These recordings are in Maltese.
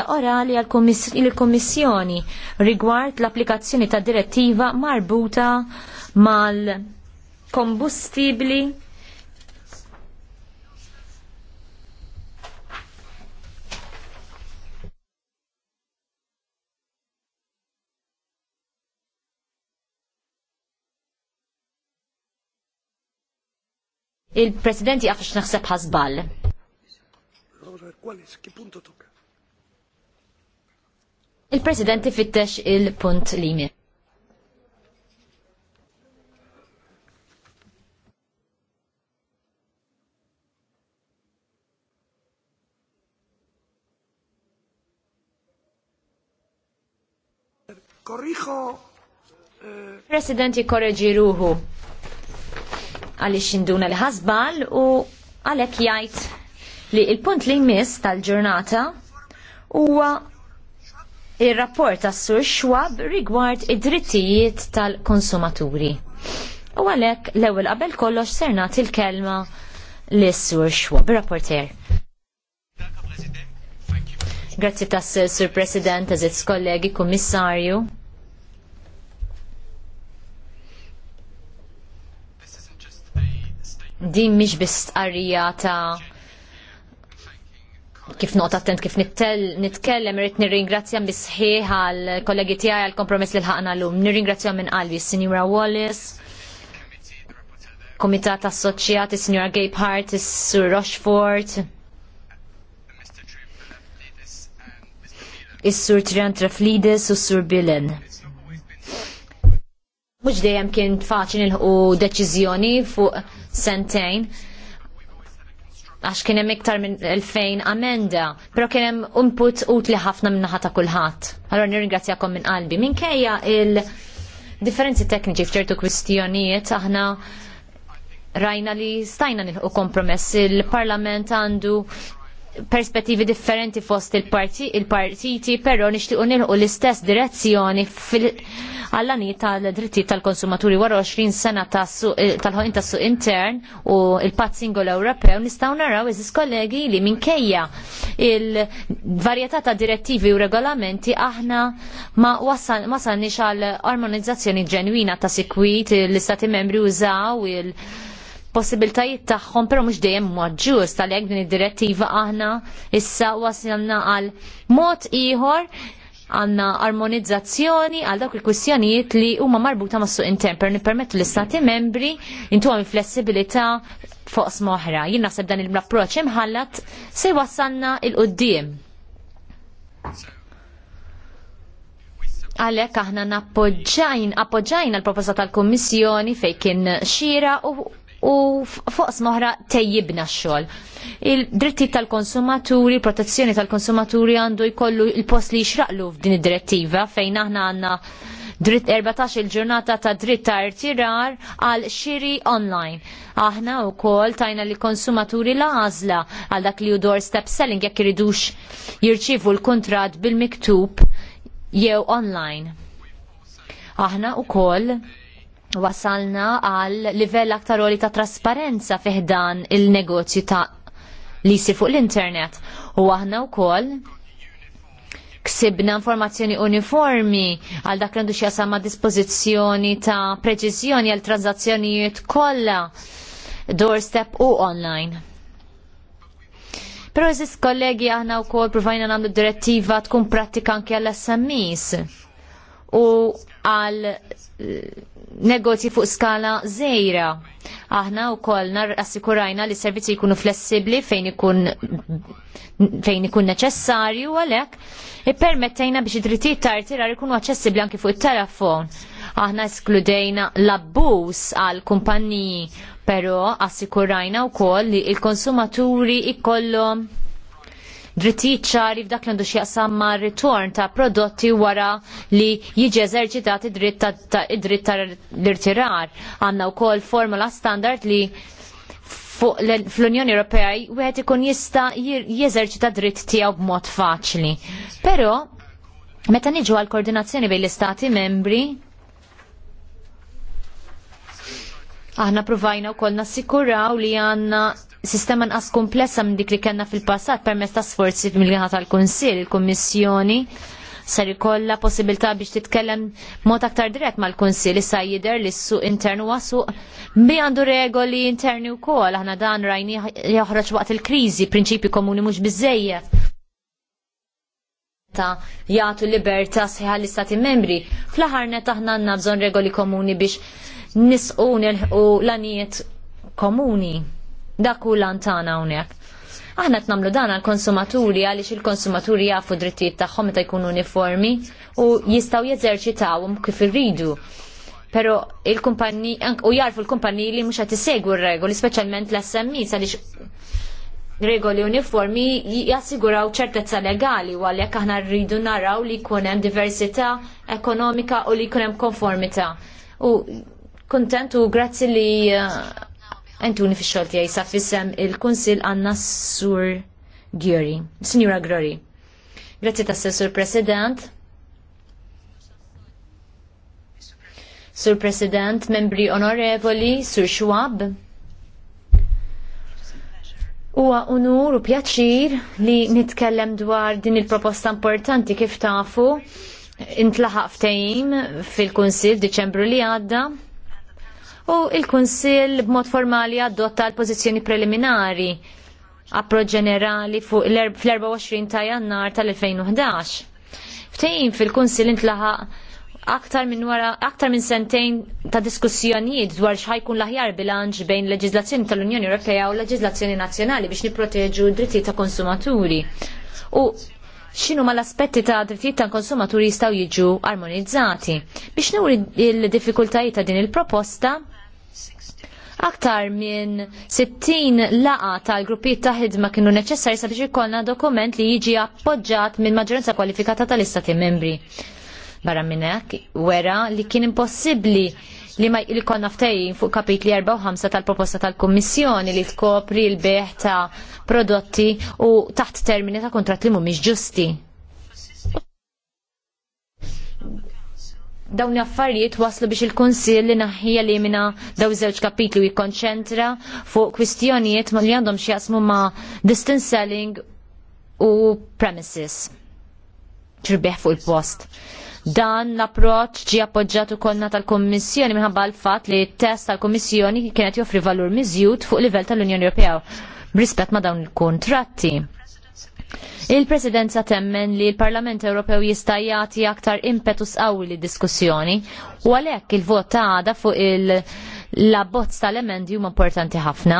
mistoqsija orali għal komissjoni rigward l-applikazzjoni ta' direttiva marbuta mal-kombustibli il-President jgħafx naħseb ħasbal. Allora, qual è? Che punto tocca? Il-President ifittex il-punt limi. Korriħo. Eh, President jikorreġi ruħu għalli induna li ħasbal u għalek jajt li il-punt li jmiss tal-ġurnata huwa ir-rapport tas Sur Schwab rigward id-drittijiet tal-konsumaturi. U għalhekk l-ewwel qabel kollox ser nagħti l kelma lis Sur Schwab, rapporter. Grazzi tas Sur President, eżiz kollegi, kummissarju. Din mhix biss tqarrija ta' kif nota attent kif nitkellem irrid nirringrazzja bisħiħ għal kollegi tiegħi għal kompromess li ħaqna lum. Nirringrazzja minn qalbi s-Sinjura Wallis, Komitat Assoċjati Sinjura Gabe Hart, Sur Rochefort, Is-Sur Trian Traflides u Sur Bilen. Mhux dejjem kien faċli ħu deċiżjoni fuq sentejn għax kien hemm iktar minn 2000 amenda, però kien hemm input utli ħafna minnaħa ta' kulħadd. Allora nirringrazzjakom minn qalbi. Minkejja il-differenzi tekniċi f'ċertu kwistjonijiet aħna rajna li stajna nilħu kompromess il-Parlament għandu perspettivi differenti fost il-partiti, però nixtiequ nilqu l-istess direzzjoni għallani tal-dritti tal-konsumaturi wara 20 sena eh, tal-ħoqin tas suq intern u il-pat singol Ewropew nistgħu naraw eżis kollegi li minkejja il-varjetà ta' direttivi u regolamenti aħna ma wasalniex għal armonizzazzjoni ġenwina ta' sikwit l-istati membri użaw il- possibiltajiet tagħhom però mhux dejjem mod ġust għalhekk din id-direttiva aħna issa wasilna għal mod ieħor għanna armonizzazzjoni għal dawk il-kwistjonijiet li huma marbuta mas suq intern per nippermettu l-istati membri il flessibilità fuq smoħra. Jien naħseb dan il-approċċ imħallat se wasanna il-qudiem. Għalhekk aħna nappoġġajn appoġġajn għal proposta tal-Kummissjoni fejn kien xira u u fuq smoħra tejjibna x-xogħol. Il-dritti tal-konsumaturi, protezzjoni tal-konsumaturi għandu jkollu il-post li jxraqlu f'din id-direttiva fejn aħna għandna dritt 14 il-ġurnata ta' dritt ta' irtirar għal xiri online. Aħna u kol tajna li konsumaturi la għazla għal dak li u door step selling jekk iridux jirċivu l-kontrat bil-miktub jew online. Aħna u kol wasalna għal livell aktar għoli ta' trasparenza fiħdan il-negozju ta' li jisir fuq l-internet. U aħna wkoll ksibna informazzjoni uniformi għal dak li għandu xjasam ma' dispożizzjoni ta' preċiżjoni għal tranzazzjonijiet kollha doorstep u online. Pero eżis kollegi aħna u kol provajna għandu direttiva tkun pratika anki għall smis U għal eh, negozji fuq skala żejra. Aħna wkoll nar assikurajna li servizzi jkunu flessibbli fejn ikun fejn ikun neċessarju għalhekk permettejna biex id-drittijiet ta' irtirar ikunu aċċessibbli anki fuq it-telefon. Aħna eskludejna l abbus għal kumpanniji, però assikurajna wkoll li l konsumaturi ikollhom drittijiet ċari f'dak li għandu x'jaqsam ma' ritorn ta' prodotti wara li jiġi eżerċitat id-dritt ta' l-irtirar. Għandna wkoll formula standard li fl-Unjoni Ewropea wieħed ikun jista' jeżerċita dritt tiegħu b'mod faċli. Però meta niġu għal koordinazzjoni bejn l-istati membri aħna provajna u nassikuraw li għanna sistema nqas komplessa minn dik li kellna fil-passat permezz ta' sforzi mill-ħa tal-Kunsill, il-Kummissjoni ser ikolla possibilità biex titkellem mod aktar dirett mal-Kunsill issa jidher li s-suq internu għasuq bi għandu regoli interni wkoll aħna dan rajni joħroġ waqt il-kriżi prinċipi komuni mhux biżejjed ta' jgħatu libertà sħiħa l-istati membri. Fl-aħħar net aħna għandna bżonn regoli komuni biex nisqu nilħu l-anijiet komuni. Dak u lantana hawnhekk. Aħna qed nagħmlu dan għall-konsumaturi għaliex il-konsumaturi jafu drittijiet tagħhom meta jkunu uniformi u jistgħu jeżerċitawhom kif irridu. Pero il-kumpanni, u jarfu l-kumpanni li mhux qed isegwu r-regoli, speċjalment l-SMI, għaliex regoli uniformi jassiguraw ċertezza legali u għalhekk aħna rridu naraw li jkun hemm diversità ekonomika u li jkun hemm konformità. U kontent u grazzi li eh, entuni fi xolti għaj sa fissem il konsil għanna Sur Gjori, Signora Grori. Grazie ta' Sur President. Sur President, membri onorevoli, Sur Schwab. Huwa unur u pjaċir li nitkellem dwar din il-proposta importanti kif tafu intlaħaq ftehim fil-Kunsil Diċembru li għadda u il-Kunsill b'mod formali adotta l-pożizzjoni preliminari approċ ġenerali fl-24 ta' jannar tal-2011. Ftejn fil-Kunsill intlaħaq aktar minn wara aktar minn sentejn ta' diskussjonijiet dwar x'ħajkun l-aħjar bilanċ bejn leġizlazzjoni tal-Unjoni Ewropea u leġizlazzjoni nazzjonali biex nipproteġu d-drittijiet ta' konsumaturi. U xinu ma l-aspetti ta' drittijiet ta' konsumaturi jistaw jiġu armonizzati. Biex nuri il-diffikultajiet ta' din il-proposta, Aktar minn 60 laqa tal-gruppijiet ta' ħidma kienu neċessarji sabiex ikollna dokument li jiġi appoġġat minn maġġoranza kwalifikata tal-istati membri. Barra minn hekk wera li kien impossibbli li ma jkollna ftejn fuq kapitli 4 tal-proposta tal-Kummissjoni li tkopri l-beħ ta' prodotti u taħt termini ta' kontrat li mhumiex ġusti. dawn affarijiet waslu biex il-Kunsill li naħħija li minna daw żewġ kapitlu jikkonċentra fuq kwistjonijiet ma li għandhom xjasmu ma' distance selling u premises. Ċirbieħ fuq il-post. Dan l-approċ ġi appoġġat konna tal-Kommissjoni minħabba l-fatt li t-test tal-Kommissjoni kienet joffri valur miżjud fuq livell tal-Unjoni Ewropea b'rispett ma' dawn il-kontratti Il-Presidenza temmen li l-Parlament Ewropew jista' jagħti aktar impetus qawwi lid diskussjoni u għalhekk il-vot ta' għada fuq il- la bozz tal-emendi huma importanti ħafna.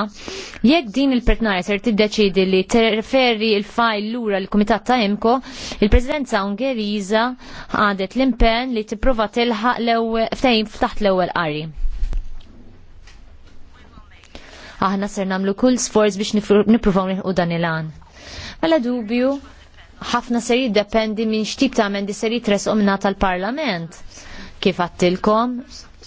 Jekk din il-pretnarja ser tiddeċidi li terferi il-fajl lura l-Kumitat ta' Imko, il-Presidenza Ungeriża għadet l-impenn li tipprova tilħaq l-ewwel ftaħt l-ewwel qari aħna ser namlu kull sforz biex nipruvaw nilħu dan il-għan. Mela dubju, ħafna seri jiddependi minn xtib ta' amendi seri tres omna tal-parlament. Kif għattilkom,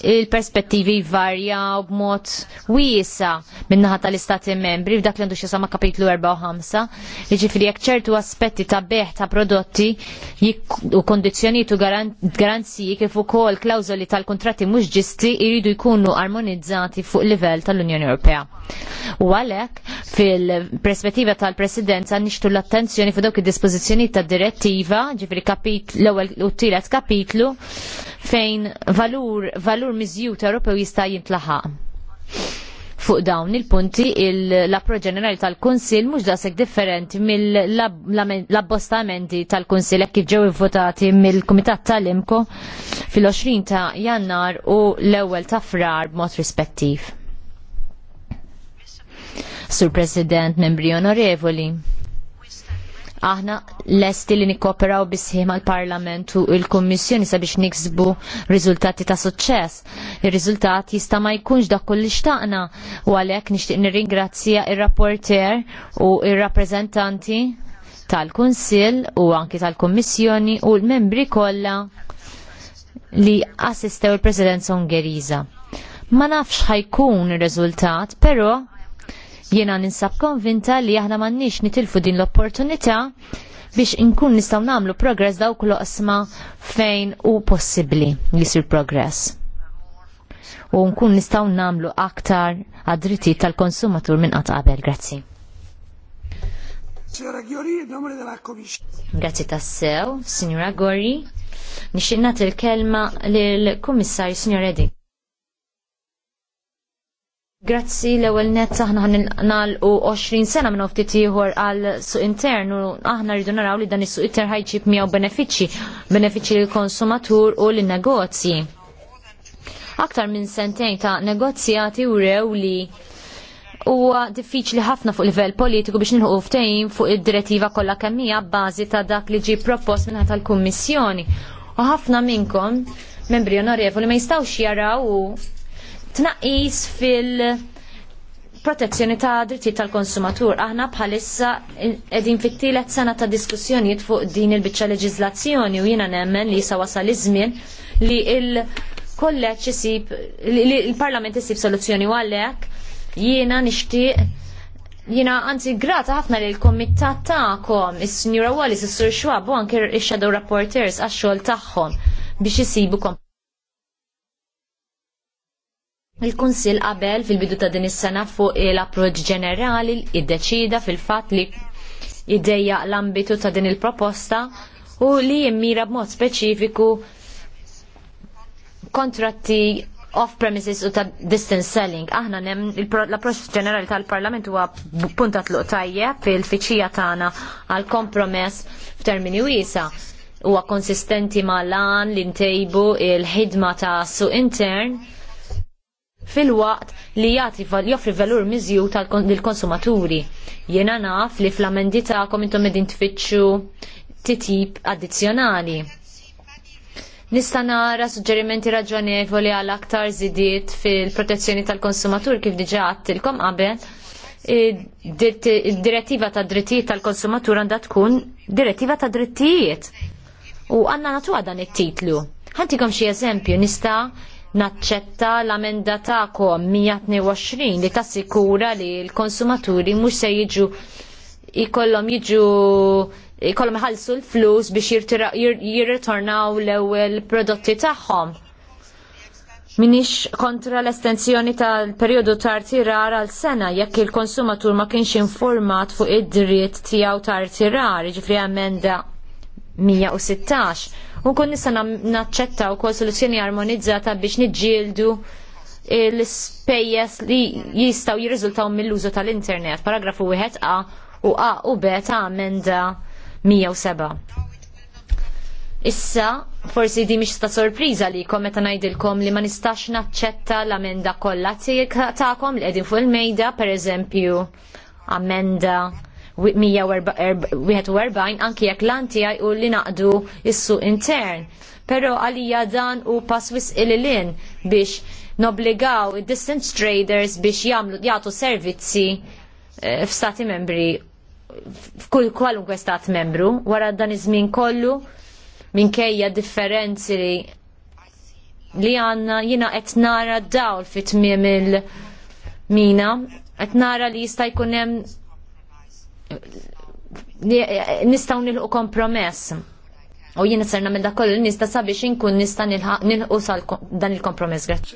il-perspettivi varja b'mod wiesa minnaħa tal-istati membri f'dak li għandu xie sama kapitlu 4 u 5. Jiġifieri jekk ċertu aspetti ta' beħ ta' prodotti u kondizzjonijiet u garanziji kif ukoll klawżoli tal-kontratti mhux ġisti jridu jkunu armonizzati fuq livell tal-Unjoni Ewropea. U għalhekk fil-perspettiva tal-Presidenza nixtu l-attenzjoni fuq dawk id-dispożizzjonijiet tad direttiva, ġifri l-ewwel u t kapitlu fejn valur, valur miżjut Ewropew jista' jintlaħaq. Fuq dawn il-punti l approċ ġenerali tal-Kunsil mhux dasek differenti mill-abbostamenti tal-Kunsil jekk kif ġew votati mill-Kumitat tal-Imko fil-20 ta' Jannar u l-ewwel ta' frar b'mod rispettiv. Sur President, membri onorevoli, Aħna lesti li nikkoperaw bisħim mal parlament u l-Kummissjoni sabiex niksbu riżultati ta' suċċess. ir rizultati jista' ma jkunx dak kull xtaqna u għalhekk nixtieq nirringrazzja il rapporter u il rappreżentanti tal-Kunsill u anki tal-Kummissjoni u l-membri kollha li assistew il-Presidenza Ungheriża. Ma nafx ħajkun ir-riżultat, però Jiena ninsab konvinta li aħna m'għandniex nitilfu din l-opportunità biex inkun nistgħu nagħmlu progress dawk l-oqsma fejn hu possibbli li jsir progress. U nkun nistgħu nagħmlu aktar għad-drittijiet tal-konsumatur minn qatt qabel. Grazzi. Grazzi tassew, Signora Gori. Nixinna il kelma lill-Kummissarju Signor Eddie. Grazzi l ewwel net aħna u 20 sena minn ftit ieħor għal suq intern u aħna rridu naraw li dan is-suq intern ħajġib miegħu benefiċċji, benefiċċji lill konsumatur u lin negozji Aktar minn sentejn ta' negozjati u rew li huwa diffiċli ħafna fuq livell politiku biex nilħu ftehim fuq id-direttiva kollha kemm hija bbażi ta' dak li ġie propost minn tal-Kummissjoni. U ħafna minnkom membri onorevoli ma jistgħux jaraw tnaqqis fil- protezzjoni ta' drittijiet tal-konsumatur. Aħna bħalissa edin fit-tielet sena ta' diskussjonijiet fuq din il-biċċa leġiżlazzjoni u jiena nemmen li sa wasal iż-żmien li il-kolleġġ isib li il-Parlament isib soluzzjoni u għalhekk jiena nixtieq jiena anzi grata ħafna li l-komitat ta'kom, is-Sinjura Wallis, is-Sur Schwab u anke ix-Shadow Reporters, għax-xogħol tagħhom biex isibu kom. Il-Kunsil qabel fil-bidu ta' din is-sena fuq l approċċ ġenerali iddeċida fil-fatt li idejja l-ambitu ta' din il-proposta u li jimmira b'mod speċifiku kontratti off-premises u ta' distance selling. Aħna nem l-approċ ġenerali tal-Parlament huwa punta tluq tajjeb fil-fiċija tagħna għal kompromess f'termini wiesa huwa konsistenti ma' lan li ntejbu il-ħidma ta' suq intern fil-waqt li jati joffri valur mizju tal-konsumaturi. Jena naf li fl-amendi ta'kom intom edin tfittxu titjib addizjonali. Nista nara suġġerimenti raġonevoli għal aktar zidiet fil-protezzjoni tal-konsumatur kif diġa għattilkom qabel. Direttiva ta' drittijiet tal-konsumatur għandha tkun direttiva ta' drittijiet. U għanna natu għadan it-titlu. Ħantikom xie eżempju, nista' naċċetta l-amenda ta'kom 120 li tassikura li l-konsumaturi mhux se jiġu ikollhom jiġu ikollhom iħallsu l-flus biex jirritornaw l-ewwel prodotti tagħhom. Minix kontra l-estensjoni tal-periodu tar-tirar għal sena jekk il-konsumatur ma kienx informat fuq id-dritt tiegħu tar-tirar, ġifri amenda 116 Unkun nista naċċetta wkoll soluzzjoni armonizzata biex niġġieldu l spejjes li jistgħu jirriżultaw mill-użu tal-internet. Paragrafu 1 A u A u B ta' amenda 107. Issa, forsi di mhix ta' sorpriża li meta ngħidilkom li ma nistax naċċetta l-amenda kollha tagħkom li qegħdin fuq il-mejda, pereżempju amenda 141 anki jekk l-antijaj u li naqdu issu intern. Pero għalija dan u paswis il-lin biex nobligaw distance traders biex jamlu jgħatu servizzi eh, f'stati membri f'kull kwalunkwe stat membru wara dan iż-żmien kollu minkejja differenzi li li għanna jina qed nara dawl fit tmiem il-mina qed nara li jista' jkun hemm nistaw nilħu kompromess. U jien sarna minn dak kollu nista' sabiex inkun nista' nilħu sal dan il-kompromess. Grazzi.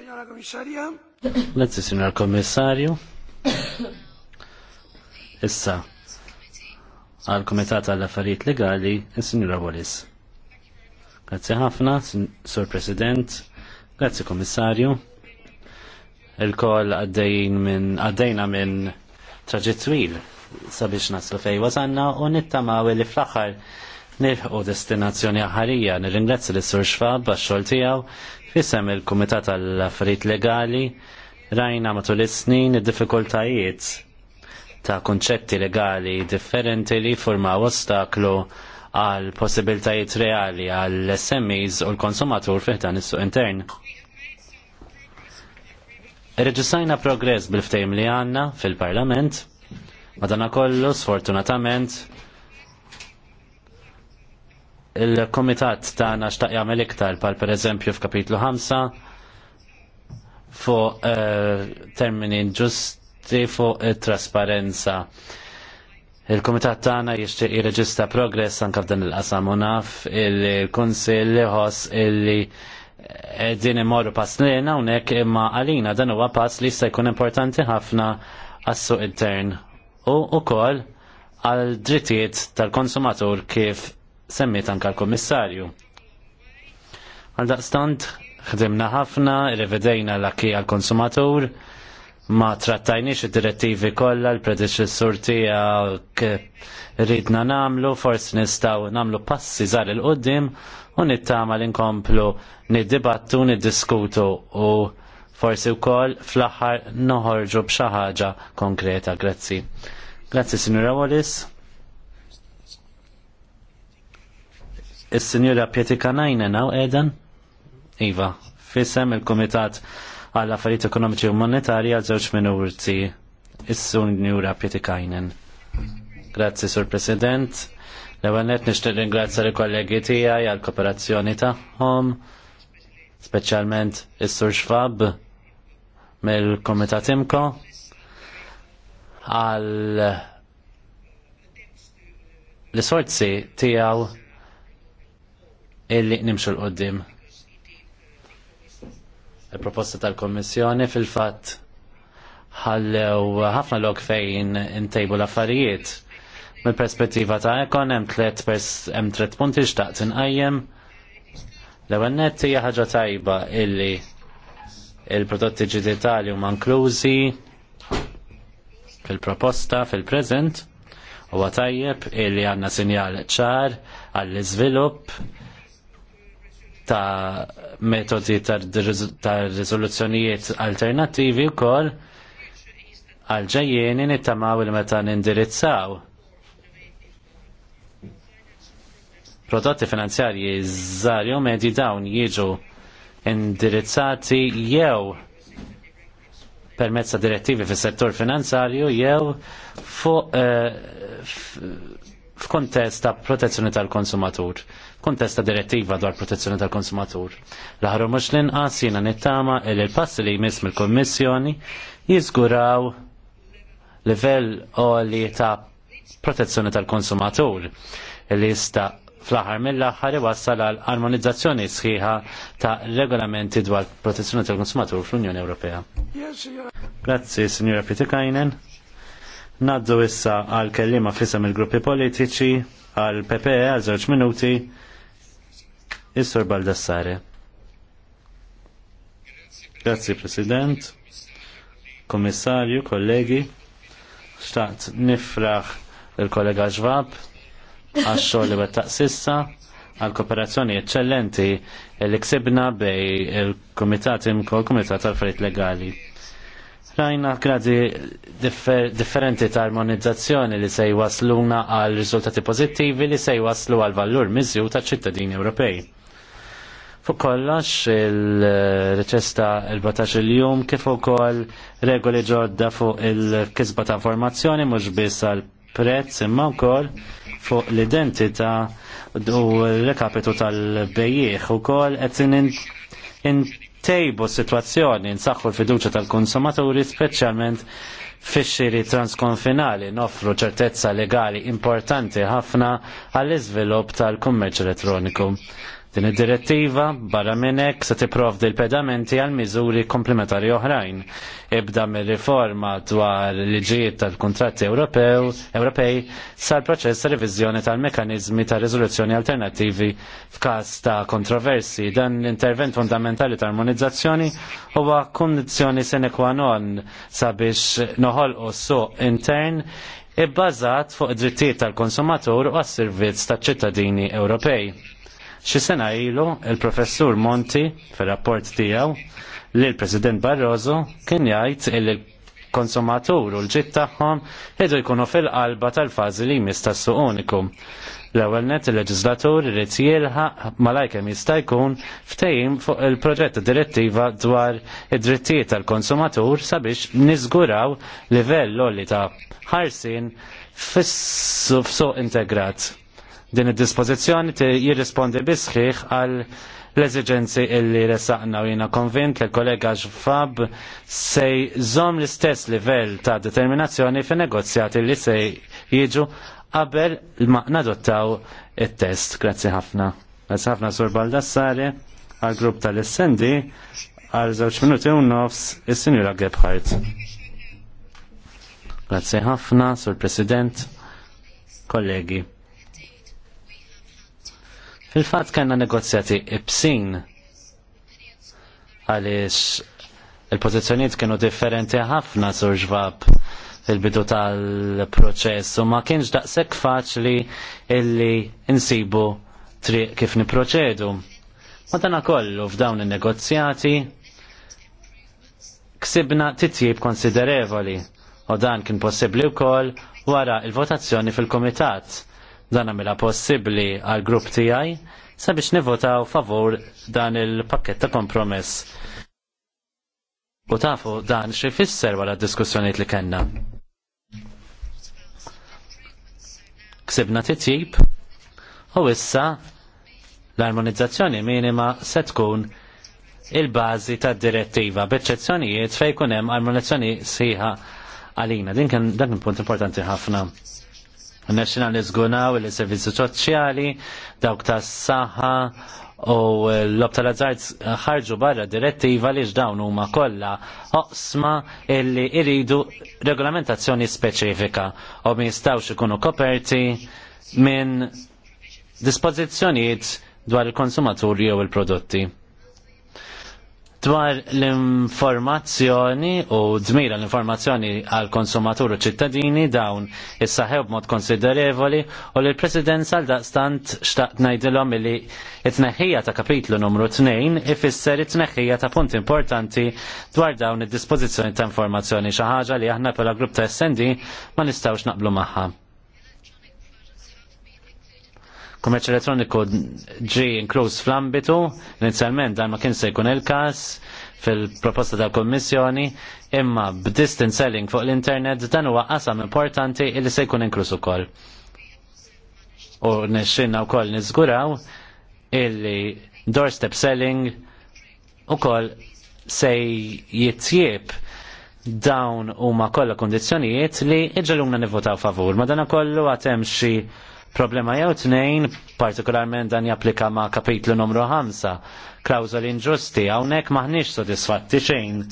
Grazzi, Signor Kommissarju. Issa għal Komitat għall affarijiet Legali, is Wallis. Grazzi ħafna, Sur President, grazzi Kommissarju. Il-kol għaddejna minn traġit twil sabiex naslu fej wasanna u nittamaw li fl-axar nilħu destinazzjoni aħarija nir-ingrezzi li sur xfab għax-xol tijaw fissem il-Kumitat għall-Affarijiet Legali rajna matul is-snin id-diffikultajiet ta' kunċetti legali differenti li formaw ostaklu għal possibiltajiet reali għal SMEs u l-konsumatur fih dan is-suq intern. Reġisajna progress bil-ftejm li għanna fil-parlament Madana kollu, sfortunatament, il-komitat tagħna xtaq jagħmel iktar pal pereżempju f'kapitlu 5 fuq uh, termini ġusti fuq it trasparenza. Il-komitat tagħna jixtieq jirreġista progress anke f'dan il-qasam u naf il-kunsill ħoss illi din imorru pass lejna unek imma għalina dan huwa pass li jista' jkun importanti ħafna għassu suq intern u wkoll għal drittijiet tal-konsumatur kif semmiet anka l-Kummissarju. Għal daqstant ħdimna ħafna, rivedejna l-akki għal-konsumatur, ma trattajniex id-direttivi kollha l-predeċessur tiegħek ridna namlu, forsi nistgħu namlu passi żgħar il qudiem u nittama l-inkomplu niddibattu, niddiskutu u forsi wkoll fl-aħħar noħorġu b'xi ħaġa konkreta. Grazzi. Grazzi, Signora Wallis. Is-Signora Pietika Najnen għaw Eden? Iva, fissem il-Komitat għall affarijiet Ekonomiċi u Monetari għal żewġ minuti. is sunjura Pietika Najnen. Grazzi, Sur President. L-għanet nishtiq ringrazzja l-kollegi tiegħi għall kooperazzjoni tagħhom, speċjalment is-Sur Schwab mill-Komitat Imko għal l-sorzi tijaw illi nimxu l-qoddim. Il-proposta tal-Kommissjoni fil-fat ħallew ħafna lok fejn intejbu l-affarijiet. Mill-perspettiva ta' ekon hemm tliet hemm tliet punti xtaqt inqajjem. L-ewwel nett hija ħaġa tajba illi il-prodotti ġiditali huma inklużi fil-proposta fil-prezent u għatajjeb illi għanna sinjal ċar għall-izvilup ta' metodi ta' rizoluzzjonijiet alternativi u kol għal-ġajjeni nittamaw il-meta nindirizzaw. Prodotti finanzjarji żgħar medji dawn jiġu indirizzati jew permezz ta' direttivi fis settur finanzarju jew fuq eh, f'kontest ta' protezzjoni tal-konsumatur, f'kontest ta' direttiva dwar protezzjoni tal-konsumatur. L-ħaru mux l-inqas jina nittama il passi li jmiss mill-Kommissjoni jizguraw livell oli ta' protezzjoni tal-konsumatur li jista' fl-aħħar mill-aħħar iwassal għal armonizzazzjoni sħiħa ta' regolamenti dwar protezzjoni tal-konsumatur fl-Unjoni Ewropea. Grazzi, Signora Pitikajnen. Naddu issa għal kellima fl mill il-gruppi politiċi għal PPE għal żewġ minuti Is-Sur Baldassare. Grazzi, President, Komissarju, kollegi, xtaqt nifraħ il-kollega ġvab għax-xogħol li wettaq sissa għal kooperazzjoni eccellenti li ksibna bej il-Kumitat imko l-Kumitat tal-Affarijiet Legali. Rajna gradi differ differenti ta' armonizzazzjoni li se jwasluna għal riżultati pożittivi li se jwaslu għal vallur miżju ta' ċittadini Ewropej. Fuq kollox il-reċesta il batax il-jum kif ukoll regoli ġodda fuq il-kisba ta' informazzjoni mhux biss għal prezz imma wkoll fuq l-identità u l-kapitu tal-bejjieħ u kol qed intejbu situazzjoni nsaħħu l-fiduċa tal-konsumaturi speċjalment fix-xiri transkonfinali noffru ċertezza legali importanti ħafna għall iżvilupp tal-kummerċ elettroniku. Din id-direttiva barra minnek se tipprovdi l-pedamenti għal miżuri komplementari oħrajn. Ibda mir riforma dwar liġijiet tal-kontratti Ewropew, Ewropej sal proċess ta' reviżjoni tal-mekanizmi ta' riżoluzzjoni alternattivi f'każ ta' kontroversi. Dan l-intervent fundamentali ta' armonizzazzjoni huwa kundizzjoni sine qua non sabiex noħolqu suq intern ibbażat fuq id-drittijiet tal-konsumatur u għas-servizz taċ-ċittadini Ewropej Xi sena ilu il-professur Monti fir-rapport tiegħu li l-President Barroso kien jgħid il konsumatur u l-ġid tagħhom idu jkunu fil-qalba tal-fażi li jmiss tas-suq uniku. L-ewwel net il-leġislatur irid jilħaq malajkem jista' jkun ftehim fuq il-proġett direttiva dwar id-drittijiet tal-konsumatur sabiex niżguraw livell lolli ta' ħarsin fis-suq integrat Din id-dispożizzjoni jirrispondi bisħiħ għal l-eżigenzi illi resaqna u jina konvint li kollega ġfab sej zom l-istess livell ta' determinazzjoni fin negozjati li sej jiġu qabel ma nadottaw il-test. Grazzi ħafna. Grazie ħafna sur Baldassari għal-grupp tal-Essendi għal żewġ minuti u nofs is-Sinjura Gebhardt. Grazzi ħafna, Sur President, kollegi. Fil-fat kanna negozjati ibsin għaliex il-pozizjoniet kienu differenti ħafna sur ġvab fil-bidu tal-proċess u ma kienx daqsek faċli illi insibu triq kif niproċedu. Ma dana kollu f'dawn il-negozjati ksibna titjib konsiderevoli u dan kien possibli wkoll wara il-votazzjoni fil-komitat Dan għamilha possibbli għal grupp tiegħi sabiex nivotaw favur dan il-pakket ta' kompromess. U tafu dan xie fisser wara d-diskussjonijiet li kellna. Ksibna titjib u issa l-armonizzazzjoni minima se tkun il-bazi ta' direttiva, b'eċċezzjonijiet fej kun hemm armonizzazzjoni siħa għalina. Din kien dan punt importanti ħafna. Nesċina li il servizzi soċjali, dawk ta' s-saħħa u l-lob l azzard ħarġu barra direttiva li dawn huma kollha oqsma illi iridu regolamentazzjoni speċifika u ma jistgħux ikunu koperti minn dispożizzjonijiet dwar il-konsumaturi jew il-prodotti dwar l-informazzjoni u dmira l-informazzjoni għal konsumatur u ċittadini dawn is b'mod konsiderevoli u l presidenza għal xtaqt ngħidilhom li t-tneħħija ta' kapitlu numru 2 ifisser it-tneħħija ta' punt importanti dwar dawn id-dispożizzjoni ta' informazzjoni xi ħaġa li aħna pala grupp ta' SND ma nistgħux naqblu magħha kummerċ elettroniku ġi inkluż fl-ambitu, inizjalment dan ma kien se jkun il-każ fil-proposta tal-Kommissjoni, imma b'distance selling fuq l-internet dan huwa qasam importanti illi se jkun inkluż ukoll. U nixxinna wkoll niżguraw illi doorstep selling ukoll se jitjieb dawn huma kollha kondizzjonijiet li iġġeluna nivvotaw favur. Ma dan kollu għatem xi Problema jew tnejn, partikolarment dan japplika ma' kapitlu numru 5, klawżol inġusti, hawnhekk maħniex sodisfatti xejn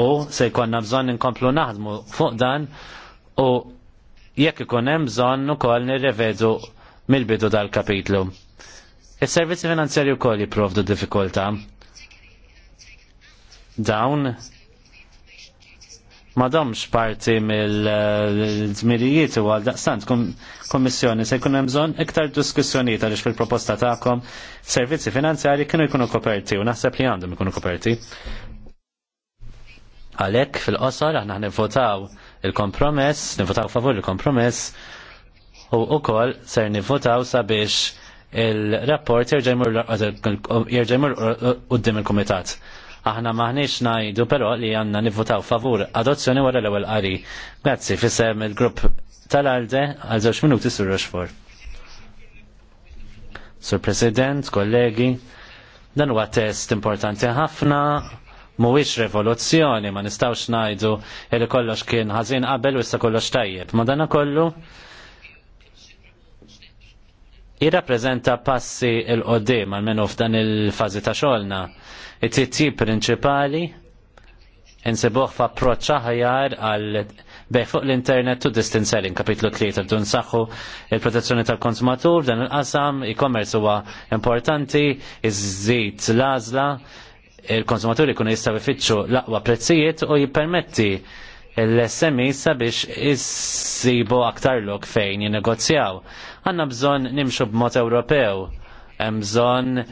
u se jkollna bżonn inkomplu naħdmu fuq dan u jekk ikun hemm bżonn ukoll nirrevedu mill-bidu dal-kapitlu. Is-servizzi finanzjarji wkoll jipprovdu diffikultà. Dawn madomx parti mill-żmirijiet u għal daqstant kommissjoni se jkun hemm bżonn iktar diskussjonijiet għaliex fil-proposta tagħkom servizzi finanzjari kienu jkunu koperti u naħseb li għandhom ikunu koperti. Għalhekk fil-qosor aħna nivvotaw il-kompromess, nivvotaw favur il-kompromess u kol ser nivvotaw sabiex il-rapport u d-dim il-kumitat. Aħna maħniex najdu però li għanna nivvotaw favur adozzjoni wara l-ewwel qari. Grazzi Fissem il-grupp tal-Alde għal żewġ minuti sur Rochefort. Sur President, kollegi, dan huwa test importanti ħafna mhuwiex revoluzzjoni ma nistgħux ngħidu li kollox kien ħażin qabel u issa kollox tajjeb. Ma dana kollu jirrapprezenta passi il-qoddim għalmenu f'dan il-fazi ta' xolna. It-titti prinċipali insibuħ f'approċċ aħjar għal bej fuq l-internet u distance selling, kapitlu 3, bdu saħħu il-protezzjoni tal-konsumatur, dan il-qasam, e-commerce huwa importanti, iż-żid l-għażla, il-konsumaturi jkunu jistaw ifittxu l-aqwa prezzijiet u jippermetti l-SMI sabiex issibu aktar lok fejn jinnegozjaw. Għanna bżon nimxu b'mod Ewropew, hemm bżon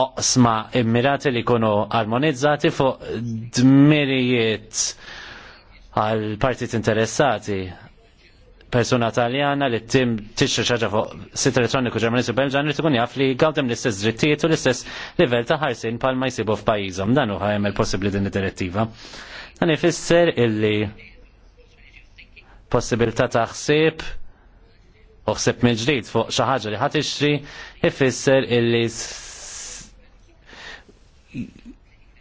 oqsma immirati li kunu armonizzati fuq dmirijiet għal partit interessati. Persuna taljana li tim tixri xaġa fuq sit elettroniku ġermanisu belġan li tkun jaf li għawdem l-istess drittijiet u l-istess livell ta' ħarsin pal ma jisibu f'pajizom. Dan uħa jemmel possibli din id-direttiva. Dan ifisser illi possibilità ta' ħsieb uħseb mill-ġdid fuq xi ħaġa li ħadd ixtri ifisser illi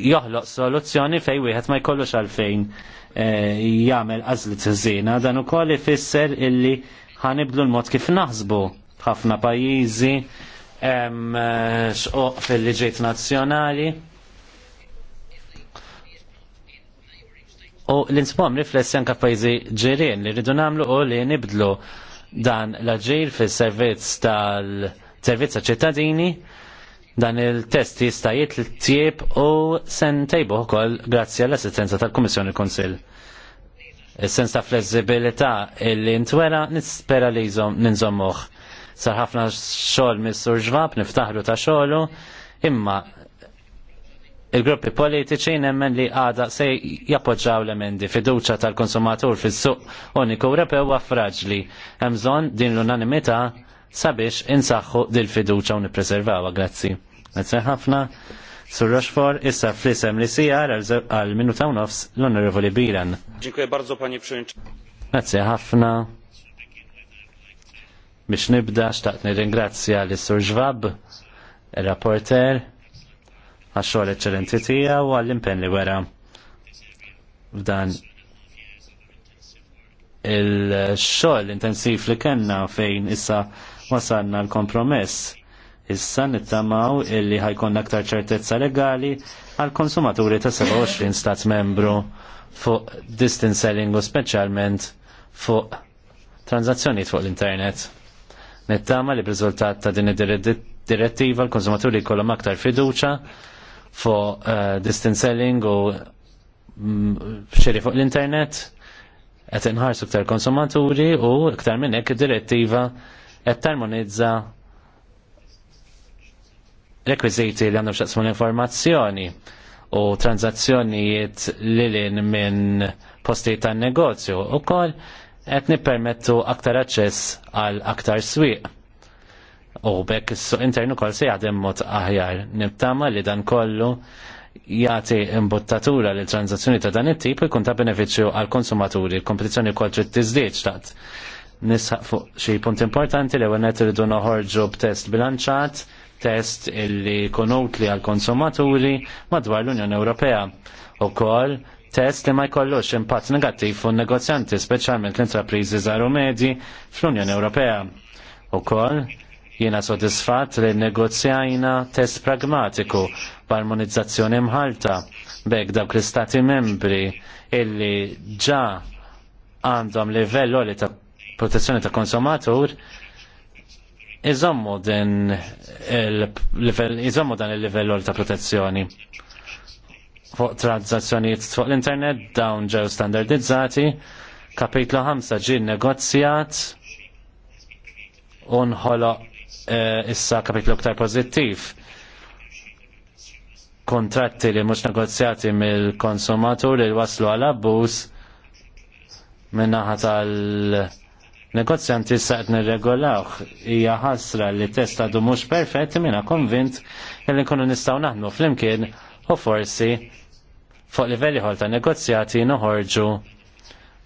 joħloq soluzzjoni fej wieħed ma jkollux għalfejn eh, jagħmel għażlit żiena dan ukoll ifisser illi ħanibdlu l-mod kif naħsbu ħafna pajjiżi hemm eh, xquq fil-liġijiet nazzjonali. U l-insbom riflessi anka pajzi ġirien li rridu namlu u li nibdlu dan l-aġir fis servizz tal-servizz ċittadini dan il-test jista' jitl-tjieb u sen tejbu ukoll grazzi għall-assistenza tal-Kummissjoni Kunsill. Is-sens ta' flessibilità illi ntwera nispera li ninżommuh. Sar ħafna xogħol mis-sur ġvab niftaħlu ta' xogħlu imma il-gruppi politiċi nemmen li għada se jappoġġaw l-emendi fiduċa tal-konsumatur fis-suq uniku Ewropew għafraġli. emżon din l-unanimità sabiex insaħħu dil-fiduċa u nipreservaw grazzi. Għazzi ħafna. Sur Rochefort, issa flisem li sijar għal minuta u nofs l-Onorevoli Biran. Dziękuję bardzo, panie przewodniczący. Għazzi ħafna. Biex nibda, xtaqt nirringrazzja li sur Żwab, il-rapporter, għax-xogħol eċċellenti tiegħu u għall-impenn li wera f'dan il-xogħol intensiv li kellna fejn issa wasalna l-kompromess. Issa nittamaw illi ħajkon aktar ċertezza legali għal konsumaturi ta' 27 stat membru fuq distance selling u speċjalment fuq tranzazzjoni fuq l-internet. Nittama li b'riżultat ta' din id-direttiva l-konsumaturi jkollhom aktar fiduċa fuq uh, distance selling u mm, xeri fuq l-internet qed inħarsu ktar konsumaturi u iktar minn hekk id-direttiva qed tarmonizza rekwiżiti li għandhom xaqsmu l-informazzjoni u tranzazzjonijiet lilin minn postijiet tan negozju u kol qed nippermettu aktar aċċess għal aktar swieq u bekk s suq internu kol se jaħdem mod aħjar. Nibtama li dan kollu jagħti imbottatura li tranzazzjoni ta' dan it-tip ikun ta' benefiċċju għal konsumaturi, l kompetizzjoni kol trid tiżdied xtaqt. Nisħaq fuq xi punt importanti li għonet irridu noħorġu b'test bilanċat, test illi konut utli għal konsumaturi madwar l-Unjoni Ewropea. U kol test li ma jkollux impatt negattiv fuq negozjanti, speċjalment l-intrapriżi zaru medji fl-Unjoni Ewropea. U kol Jiena sodisfatt li negozjajna test pragmatiku b'armonizzazzjoni mħalta b'hekk dawk l-istati membri illi ġa għandhom livell li ta' protezzjoni ta' konsumatur iżommu dan il-livell ta' protezzjoni fuq tranzazzjonijiet fuq l-internet dawn ġew standardizzati, kapitlu 5 ġie negozjat u nħoloq Eh, issa kapitlu ktar pozittiv. Kontratti li mhux negozjati mill-konsumatur li waslu għal abbuż minnaħa tal-negozjanti saqt nirregolawh. Hija ħasra li testa du mhux perfett minna konvint li nkunu nistgħu naħdmu flimkien u forsi fuq livelli ħol ta' negozjati noħorġu